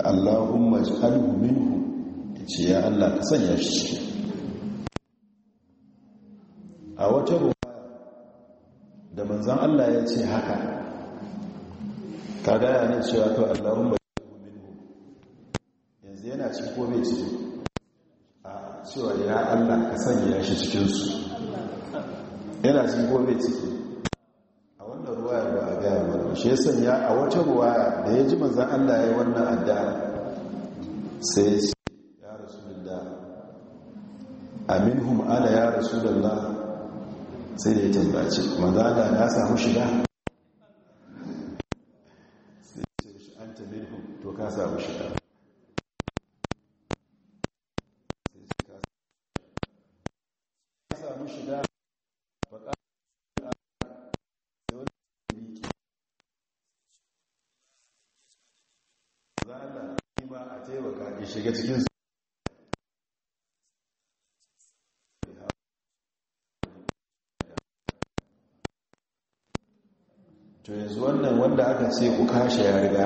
A: allahumma ij'alhu minhu ce ya Allah ka sanya shi ciki a wata ruwa da manzan Allah ya ce haka ka gaya ne cewa to allahumma ij'alhu minhu yanzu yana ci ko bai ci a cewa ya Allah ka sanya shi cikinsu yana ci ko bai ciki a wannan ruwa ya shi ya sanya a wata ruwaya da ya ji manzan Allah ya yi wannan addu'a sai ya ce ya Amin hum ala ya rasulullah sai da ya tambace manzan Allah ya samu shiga wanda aka ce ku kashe ya riga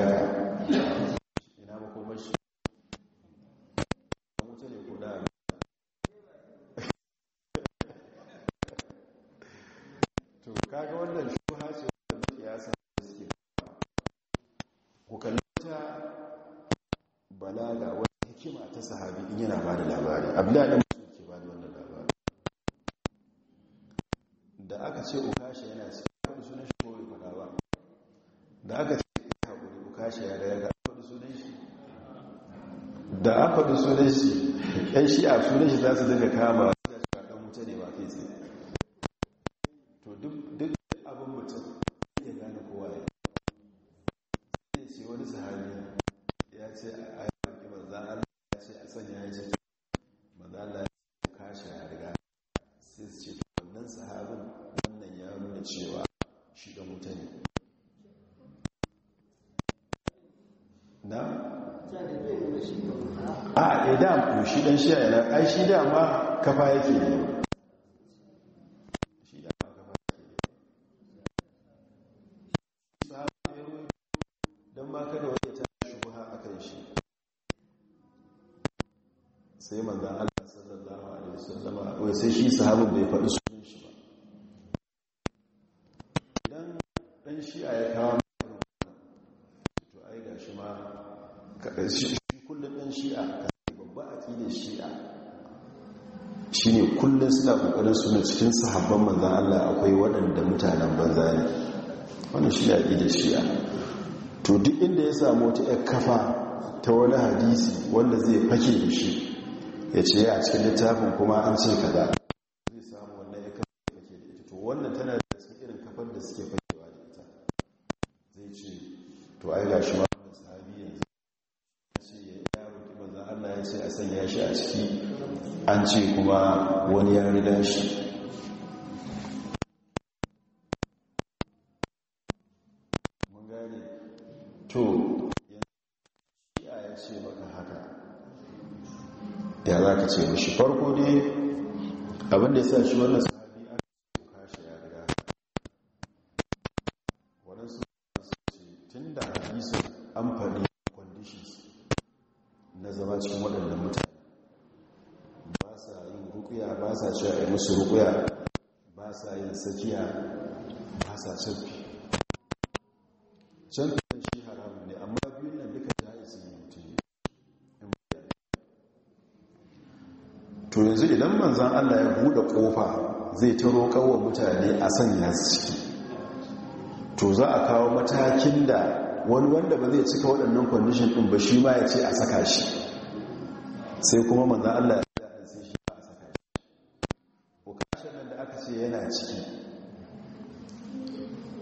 A: kafirin shi za su daga kama ya eh, dam shi dan shiya yana ai shi dama kafa yake ne cikin sahabban manzan Allah akwai waɗanda mutanen banza ne wani shi ya da shi'a to duk inda ya samu wata ‘yar kafa ta wani hadisi wanda zai fake da shi ya ce a cikin littafin kuma an ce kaza esa ayuda a las zai ta wa mutane a sanya su ciki to za a kawo matakin da wani wanda ba zai cika waɗannan kwandishin ɗin ba shi ma ya ce a saka shi sai kuma manzan Allah ya da sai shi ba a saka shi bukashin nan da aka ce yana ciki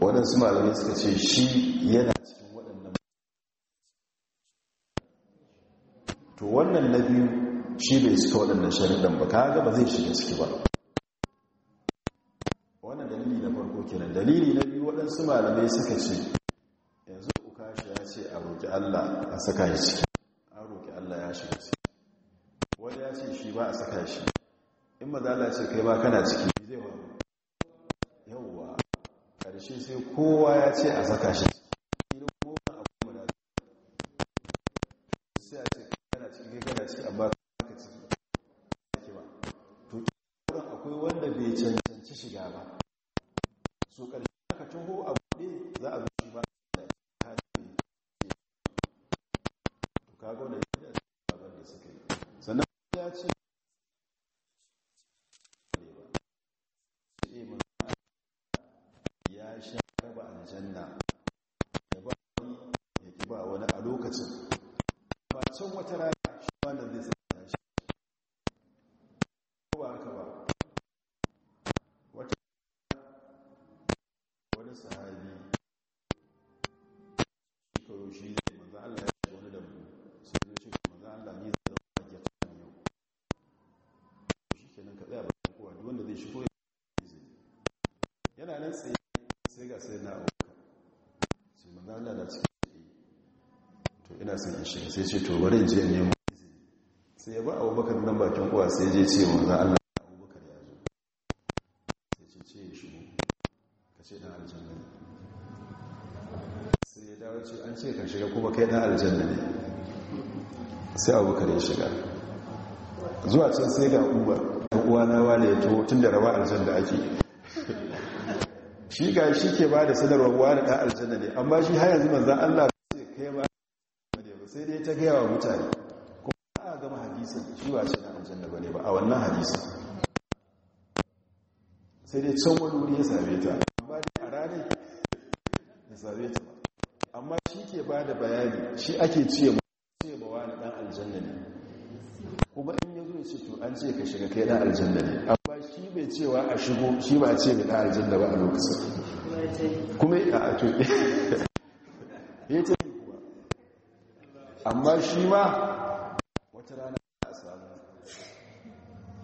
A: waɗansu malamai suka ce shi yana cikin waɗannan to wannan na biyu shi bai suka waɗannan sharaɗin ba kaga ba zai shiga ciki ba malamai suka ce yanzu shi ya ce a roƙi allah a saka shi ciki an roƙi allah ya shiga ciki wani ya ce shi ba a saka shi in mazala ce kai ba kana ciki zai wani yauwa ƙarshe sai
B: kowa ya ce a saka
A: shi yana son sai ce to bari in je sai ya ba abubakar nan bakin kowa sai je ce manzan allah abubakar ya zo sai ce ce ya shigo ka ce dan aljanna ne sai ya dawo ce an ce ka shiga kuma kai dan aljanna ne sai abubakar ya shiga zuwa can sai ga uba uwa na wale ya taho tun da rawa aljanna ake *laughs* shi ga shi ke ba da sadarwa wani ɗan aljanna ne amma shi har yanzu manzan allah mutane kuma a gama hadisin shi ba shi na aljanna ba ne ba a wannan hadisin sai dai can wani wuri ya same ta amma dai a ranar ya same ta amma shi ke ba da bayani shi ake ce ma wani dan aljanna ne kuma in ya zo ce to an ce ka shiga kai dan aljanna ne amma shi bai cewa a shigo shi ba ce mai dan aljanna ba a lokacin kuma a to ya ce *laughs* amma shi ma wata rana a samu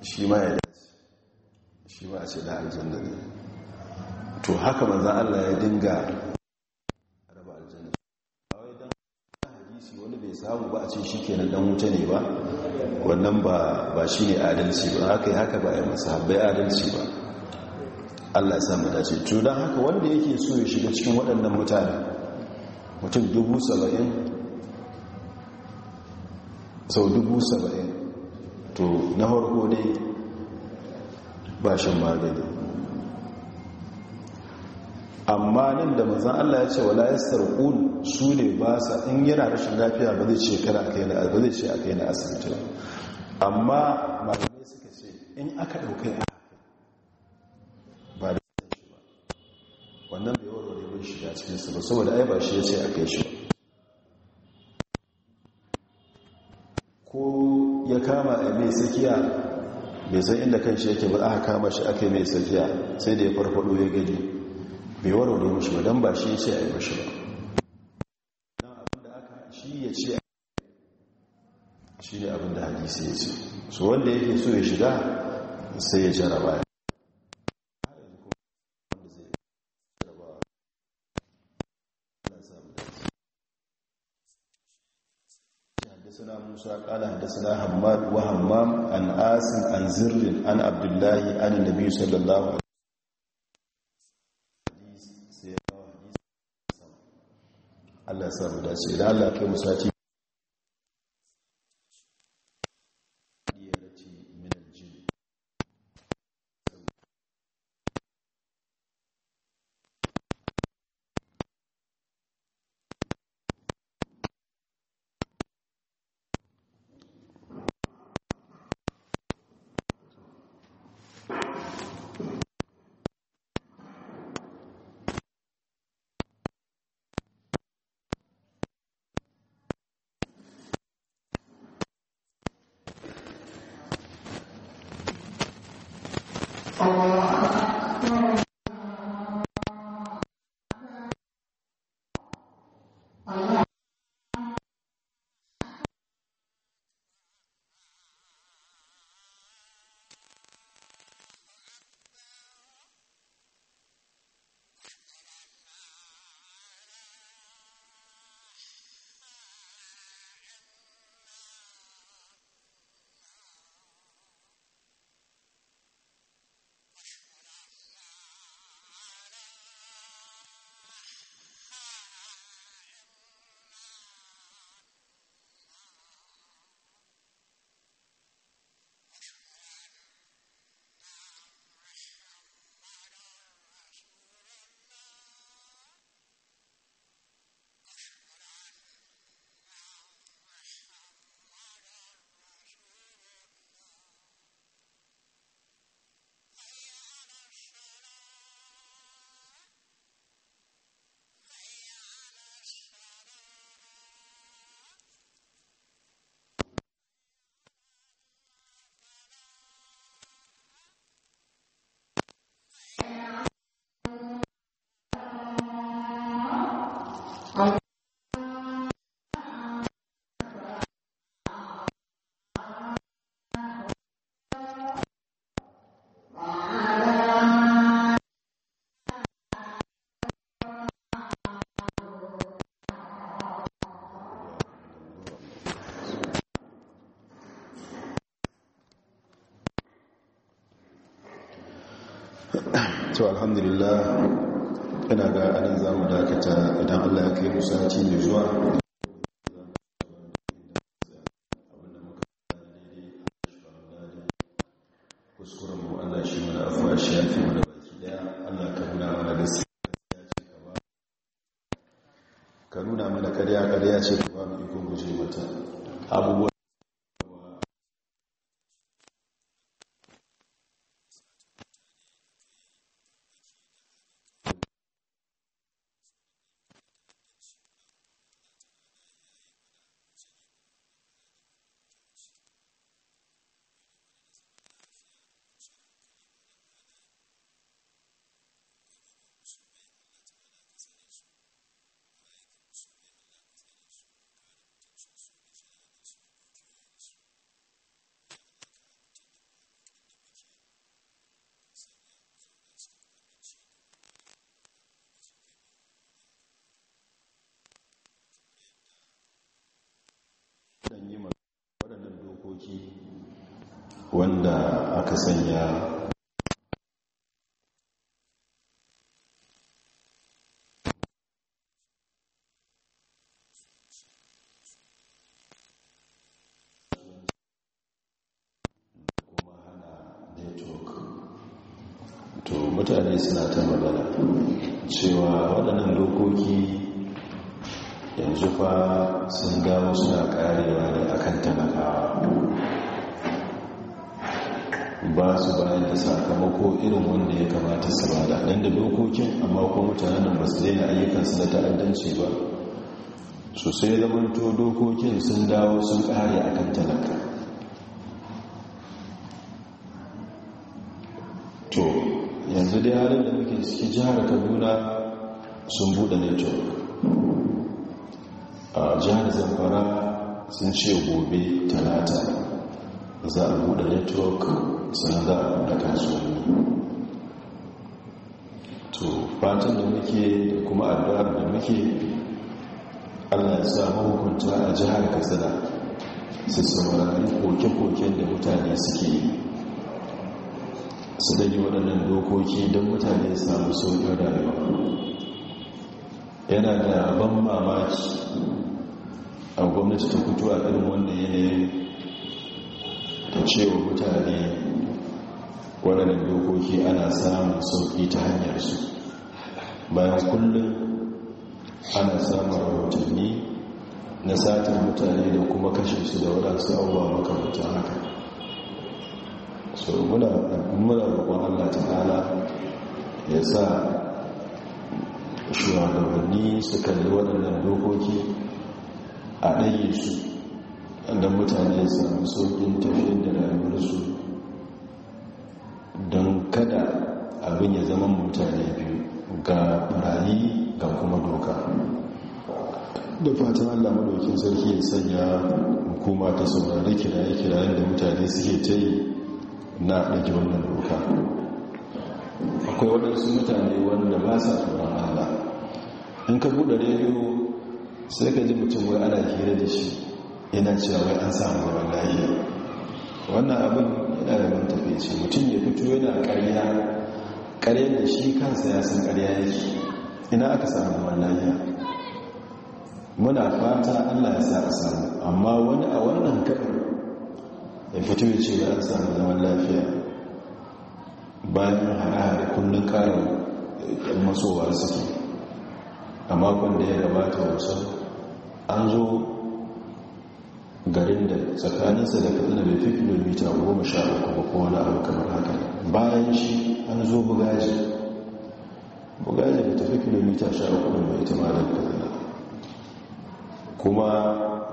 A: shi ma ya dace shi ma a ce da aljanna ne to haka manzan Allah ya dinga raba aljanna kawai don hadisi wani bai samu ba a ce shi kenan dan wuta ne ba wannan ba shi ne adalci ba haka haka ba ya masu masahabbai adalci ba Allah ya samu dace to don haka wanda yake so ya shiga cikin waɗannan mutane mutum dubu saba'in sau dubu saba'in to na harko dai ba shi magani amma nan da mazan allah ya ce wala ya sarkun su ne ba sa in yana rashin lafiya ba zai ce a kai na ba amma malamai suka ce in aka ɗaukai a ba da shi ba wannan bai warware bin shiga cikinsu ba saboda ai ba shi ya ce a kai shi ba ya kama a mai tsakiya bai san inda kan shi yake ba aka kama shi ake mai tsakiya sai da ya farfado ya gani bai warware mashi ba don ba shi ya ce a yi mashi ba don abin da aka shi ya ce a shi ne abin da hadisi ya ce su wanda yake so ya shiga sai ya jaraba حدثنا حماد وهمام عن آسم عن زر عن عبد الله عن النبي صلى الله عليه وسلم Allah ya samu dace idan Allah ya kai mu sati Amen. Oh. to alhamdulillah ina ga anan za mu dakata idan allah ya kai musaci mai zuwa kuskurenmu allah shi shi baki daya allah mana karya karya ce ka ba abubuwa mutane suna ta magana cewa waɗannan dokoki yanzu fa sun gawo suna ƙarewa ne a kan talakawa ba su bayan da sakamako irin wanda ya kamata su bada nan da dokokin amma kuma mutanen nan ba su daina ayyukansu na ta'addanci ba sosai zamanto dokokin sun dawo sun kare kan talaka yanzu da halin da muke ciki jihar kaduna sun buɗe network a jihar zamfara sun ce gobe talata za a buɗe network sun za a buɗe kasuwanni to fatan da muke da kuma addu'ar da muke allah ya samu hukunta a jihar katsina su koke-koken da mutane suke yi su daji waɗannan dokoki don mutane samu saukin rayuwa yana da ban mamaci a gwamnati ta kutu a ɗin wannan yanayin ta cewa mutane waɗannan dokoki ana samun sauƙi ta hanyar su, bayan kullum ana samun rahotanni na satin mutane da kuma kashe su da waɗansu abubuwa makamantar haka so muna muna roƙon Allah ta'ala ya sa shugabanni su kalli waɗannan dokoki a ɗage su don mutane samu sauƙin tafiyar da rayuwarsu don kada abin ya zama mutane biyu ga rayi ga kuma doka da fatan allah maɗaukin sarki ya sanya hukuma ta saurari kiraye-kirayen da mutane suke ta yi na ɗaji wannan doka akwai waɗansu mutane wanda ba sa tsoron ala. in ka buɗe rediyo sai ka ji mutum wai ana hira da shi yana cewa wai an samu wani lahiya wannan abin yana da ban tafiye ce mutum ya fito yana karya, karya da shi kansa ya san ƙarya shi ina aka samu wani lahiya muna fata allah ya sa a samu amma wani a wannan kaɗin ya fito ya ce ya samu zaman lafiya bayan hare-hare kullum karin yan masowa suke a makon da ya gabata wancan an zo garin da tsakaninsa da kaduna bai fi kilomita goma sha uku ba kowane abu kamar haka bayan shi an zo bugaji bugaji ba tafi kilomita sha uku ba ita ma da kaduna kuma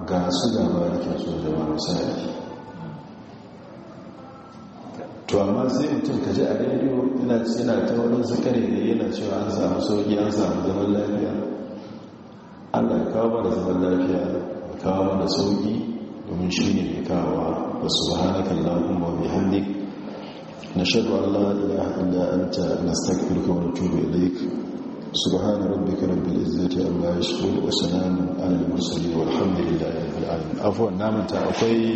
A: ga su da ba da kyasu da ba misali to amma sai mutum ka ji a rediyo yana suna ta wani zakari da yana cewa an samu sauki an samu zaman lafiya allah kawo mana zaman lafiya kawo mana sauki domin shi ne mai kawo wa subhanakan lahumma bi hamdik نشهد أن لا إله إلا أنت نستغفرك ونتوب إليك سبحان ربك رب العزة عما يصفون وسلام على المرسلين والحمد لله رب العالمين عفوا نعم أنت akwai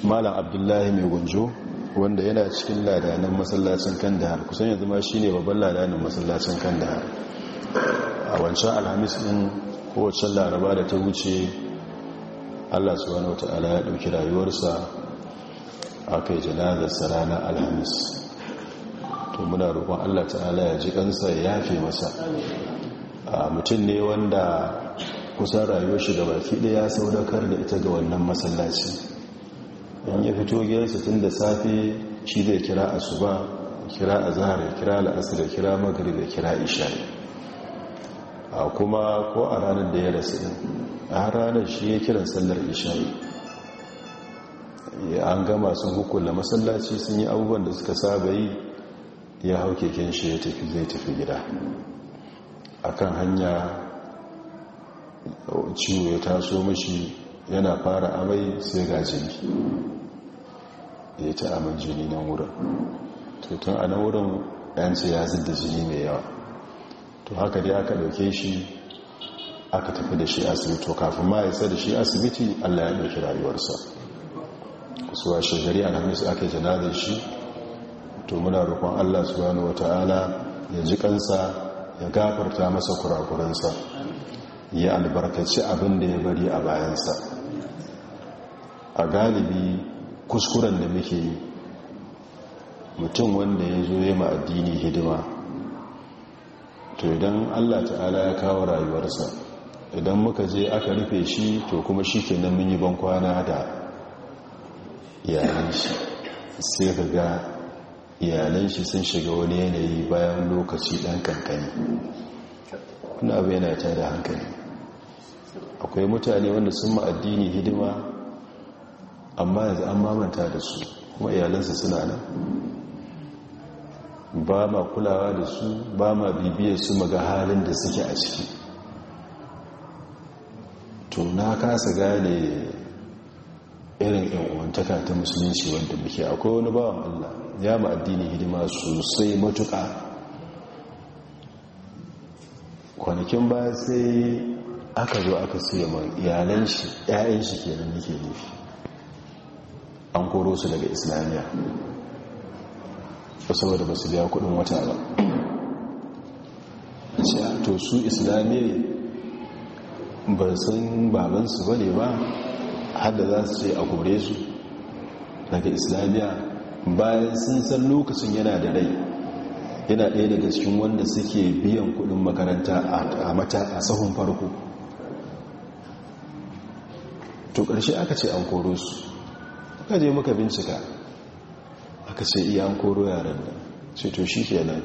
A: Malam Abdullahi mai gwanjo. wanda yana cikin ladanin masallacin kandahar kusan yanzu ma shi ne babban ladanin masallacin kandahar a wancan alhamis ɗin kowace laraba da ta wuce allah wata ala ya ɗauki rayuwarsa a kai janazarsa ranar alhamis to muna roƙon allah ta'ala ya ji ƙansa ya yafe masa a mutum ne wanda kusan rayuwar shi da baki ɗaya saudakar da ita ga wannan masallaci in ya fito gidansa tun da safe shi zai kira asuba kira zahar kira la'asar kira magari da kira isha a kuma ko a ranar da ya rasu a ranar shi ya kiran sallar isha an gama sun hukula masallaci sun yi abubuwan da suka saba yi ya hau keken shi ya tafi zai tafi gida A kan hanya ciwo ya taso mashi yana fara amai sai ga jini ya ci amin jini nan wurin tutun a nan wurin yan ce ya zidda jini mai yawa to haka dai aka ɗauke shi aka tafi da shi asibiti to kafin ma ya da shi asibiti allah ya ɗauki rayuwarsa suwa shigari alhamis aka yi da shi to muna rukun allah subhanahu wata'ala ya ji kansa ya gafarta masa kurakuransa ya albarkaci abin da ya bari a bayansa a galibi kuskuren da muke yi mutum wanda ya zo ya ma'addini hidima to idan allah ta'ala ya kawo rayuwarsa idan muka je aka rufe shi to kuma shi ke nan mun yi bankwana da iyalan shi sai ka ga iyalan shi sun shiga wani yanayi bayan lokaci ɗan kankani Kuna abu yana ta da hankali akwai mutane wanda sun ma hidima amma yanzu an mamanta da su kuma iyalansa suna nan ba ma kulawa da su ba ma bibiyar su maga halin da suke a ciki to na kasa gane irin yan'uwantaka ta musulunci wanda muke akwai wani bawan allah ya ma'addini hidima sosai matuƙa kwanakin ba sai aka zo aka siya ma iyalan shi ƴaƴan shi kenan yake nufi an koro su daga islamiyya saboda ba su biya kudin wata ba to su islamiyya ba sun babansu ba ne ba hada za su ce a kore su daga islamiyya bayan sun san lokacin yana da rai yana ɗaya daga cikin wanda suke biyan kudin makaranta a mata a sahun farko to ƙarshe aka ce an koro su aka je muka bincika aka ce iya an koro yaran nan ce to shi nan.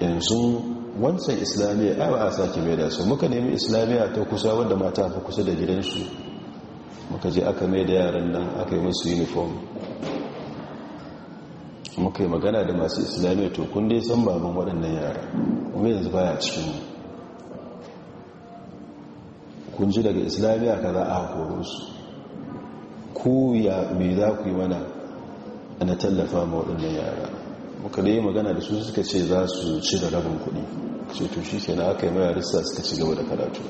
A: yanzu wancan islamiyya a ba a sake mai da su muka nemi islamiyya ta kusa wadda mata fi kusa da gidansu muka je aka mai da yaran nan aka yi musu uniform muka yi magana da masu islamiyya to kun dai san baban waɗannan yara kuma yanzu baya cikin mu. kun ji daga islamiyya ka za a koro su ku ya mai za ku yi mana ana tallafa ma waɗannan yara muka da yi magana da su suka ce za su ci da rabin kuɗi ce to shi ke na aka yi mara rissa suka ci gaba da karatu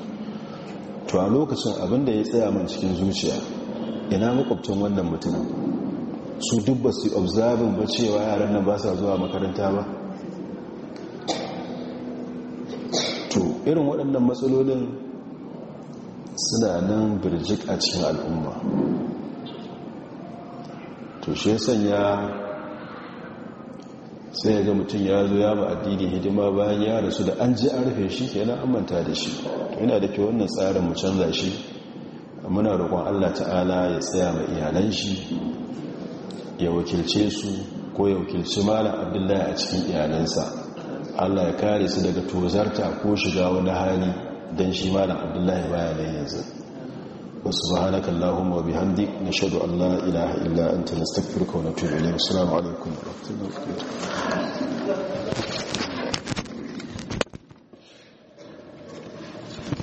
A: to a lokacin abinda ya tsaya man cikin zuciya ina makwabtan wannan mutumin su duk ba su obzabin ba cewa yaran nan ba sa zuwa makaranta ba to irin waɗannan matsalolin suna nan birjik a cikin al'umma to shi sanya sai ya ga mutum ya zo ya ba addini hidima bayan ya rasu da an ji an rufe shi ke an manta da shi to yana da ke wannan tsarin mu canza shi muna roƙon allah ta'ala ya tsaya ma iyalan shi ya wakilce su ko ya wakilci malam abdullahi a cikin iyalansa allah ya kare su daga tozarta ko shiga wani hali don shi malam abdullahi baya nan yanzu wasu subhanaka allahumma wa bihamdi nashhadu an la ilaha illa anta nastaghfiruka wa natubu ilayk assalamu alaikum wa rahmatullahi wa barakatuh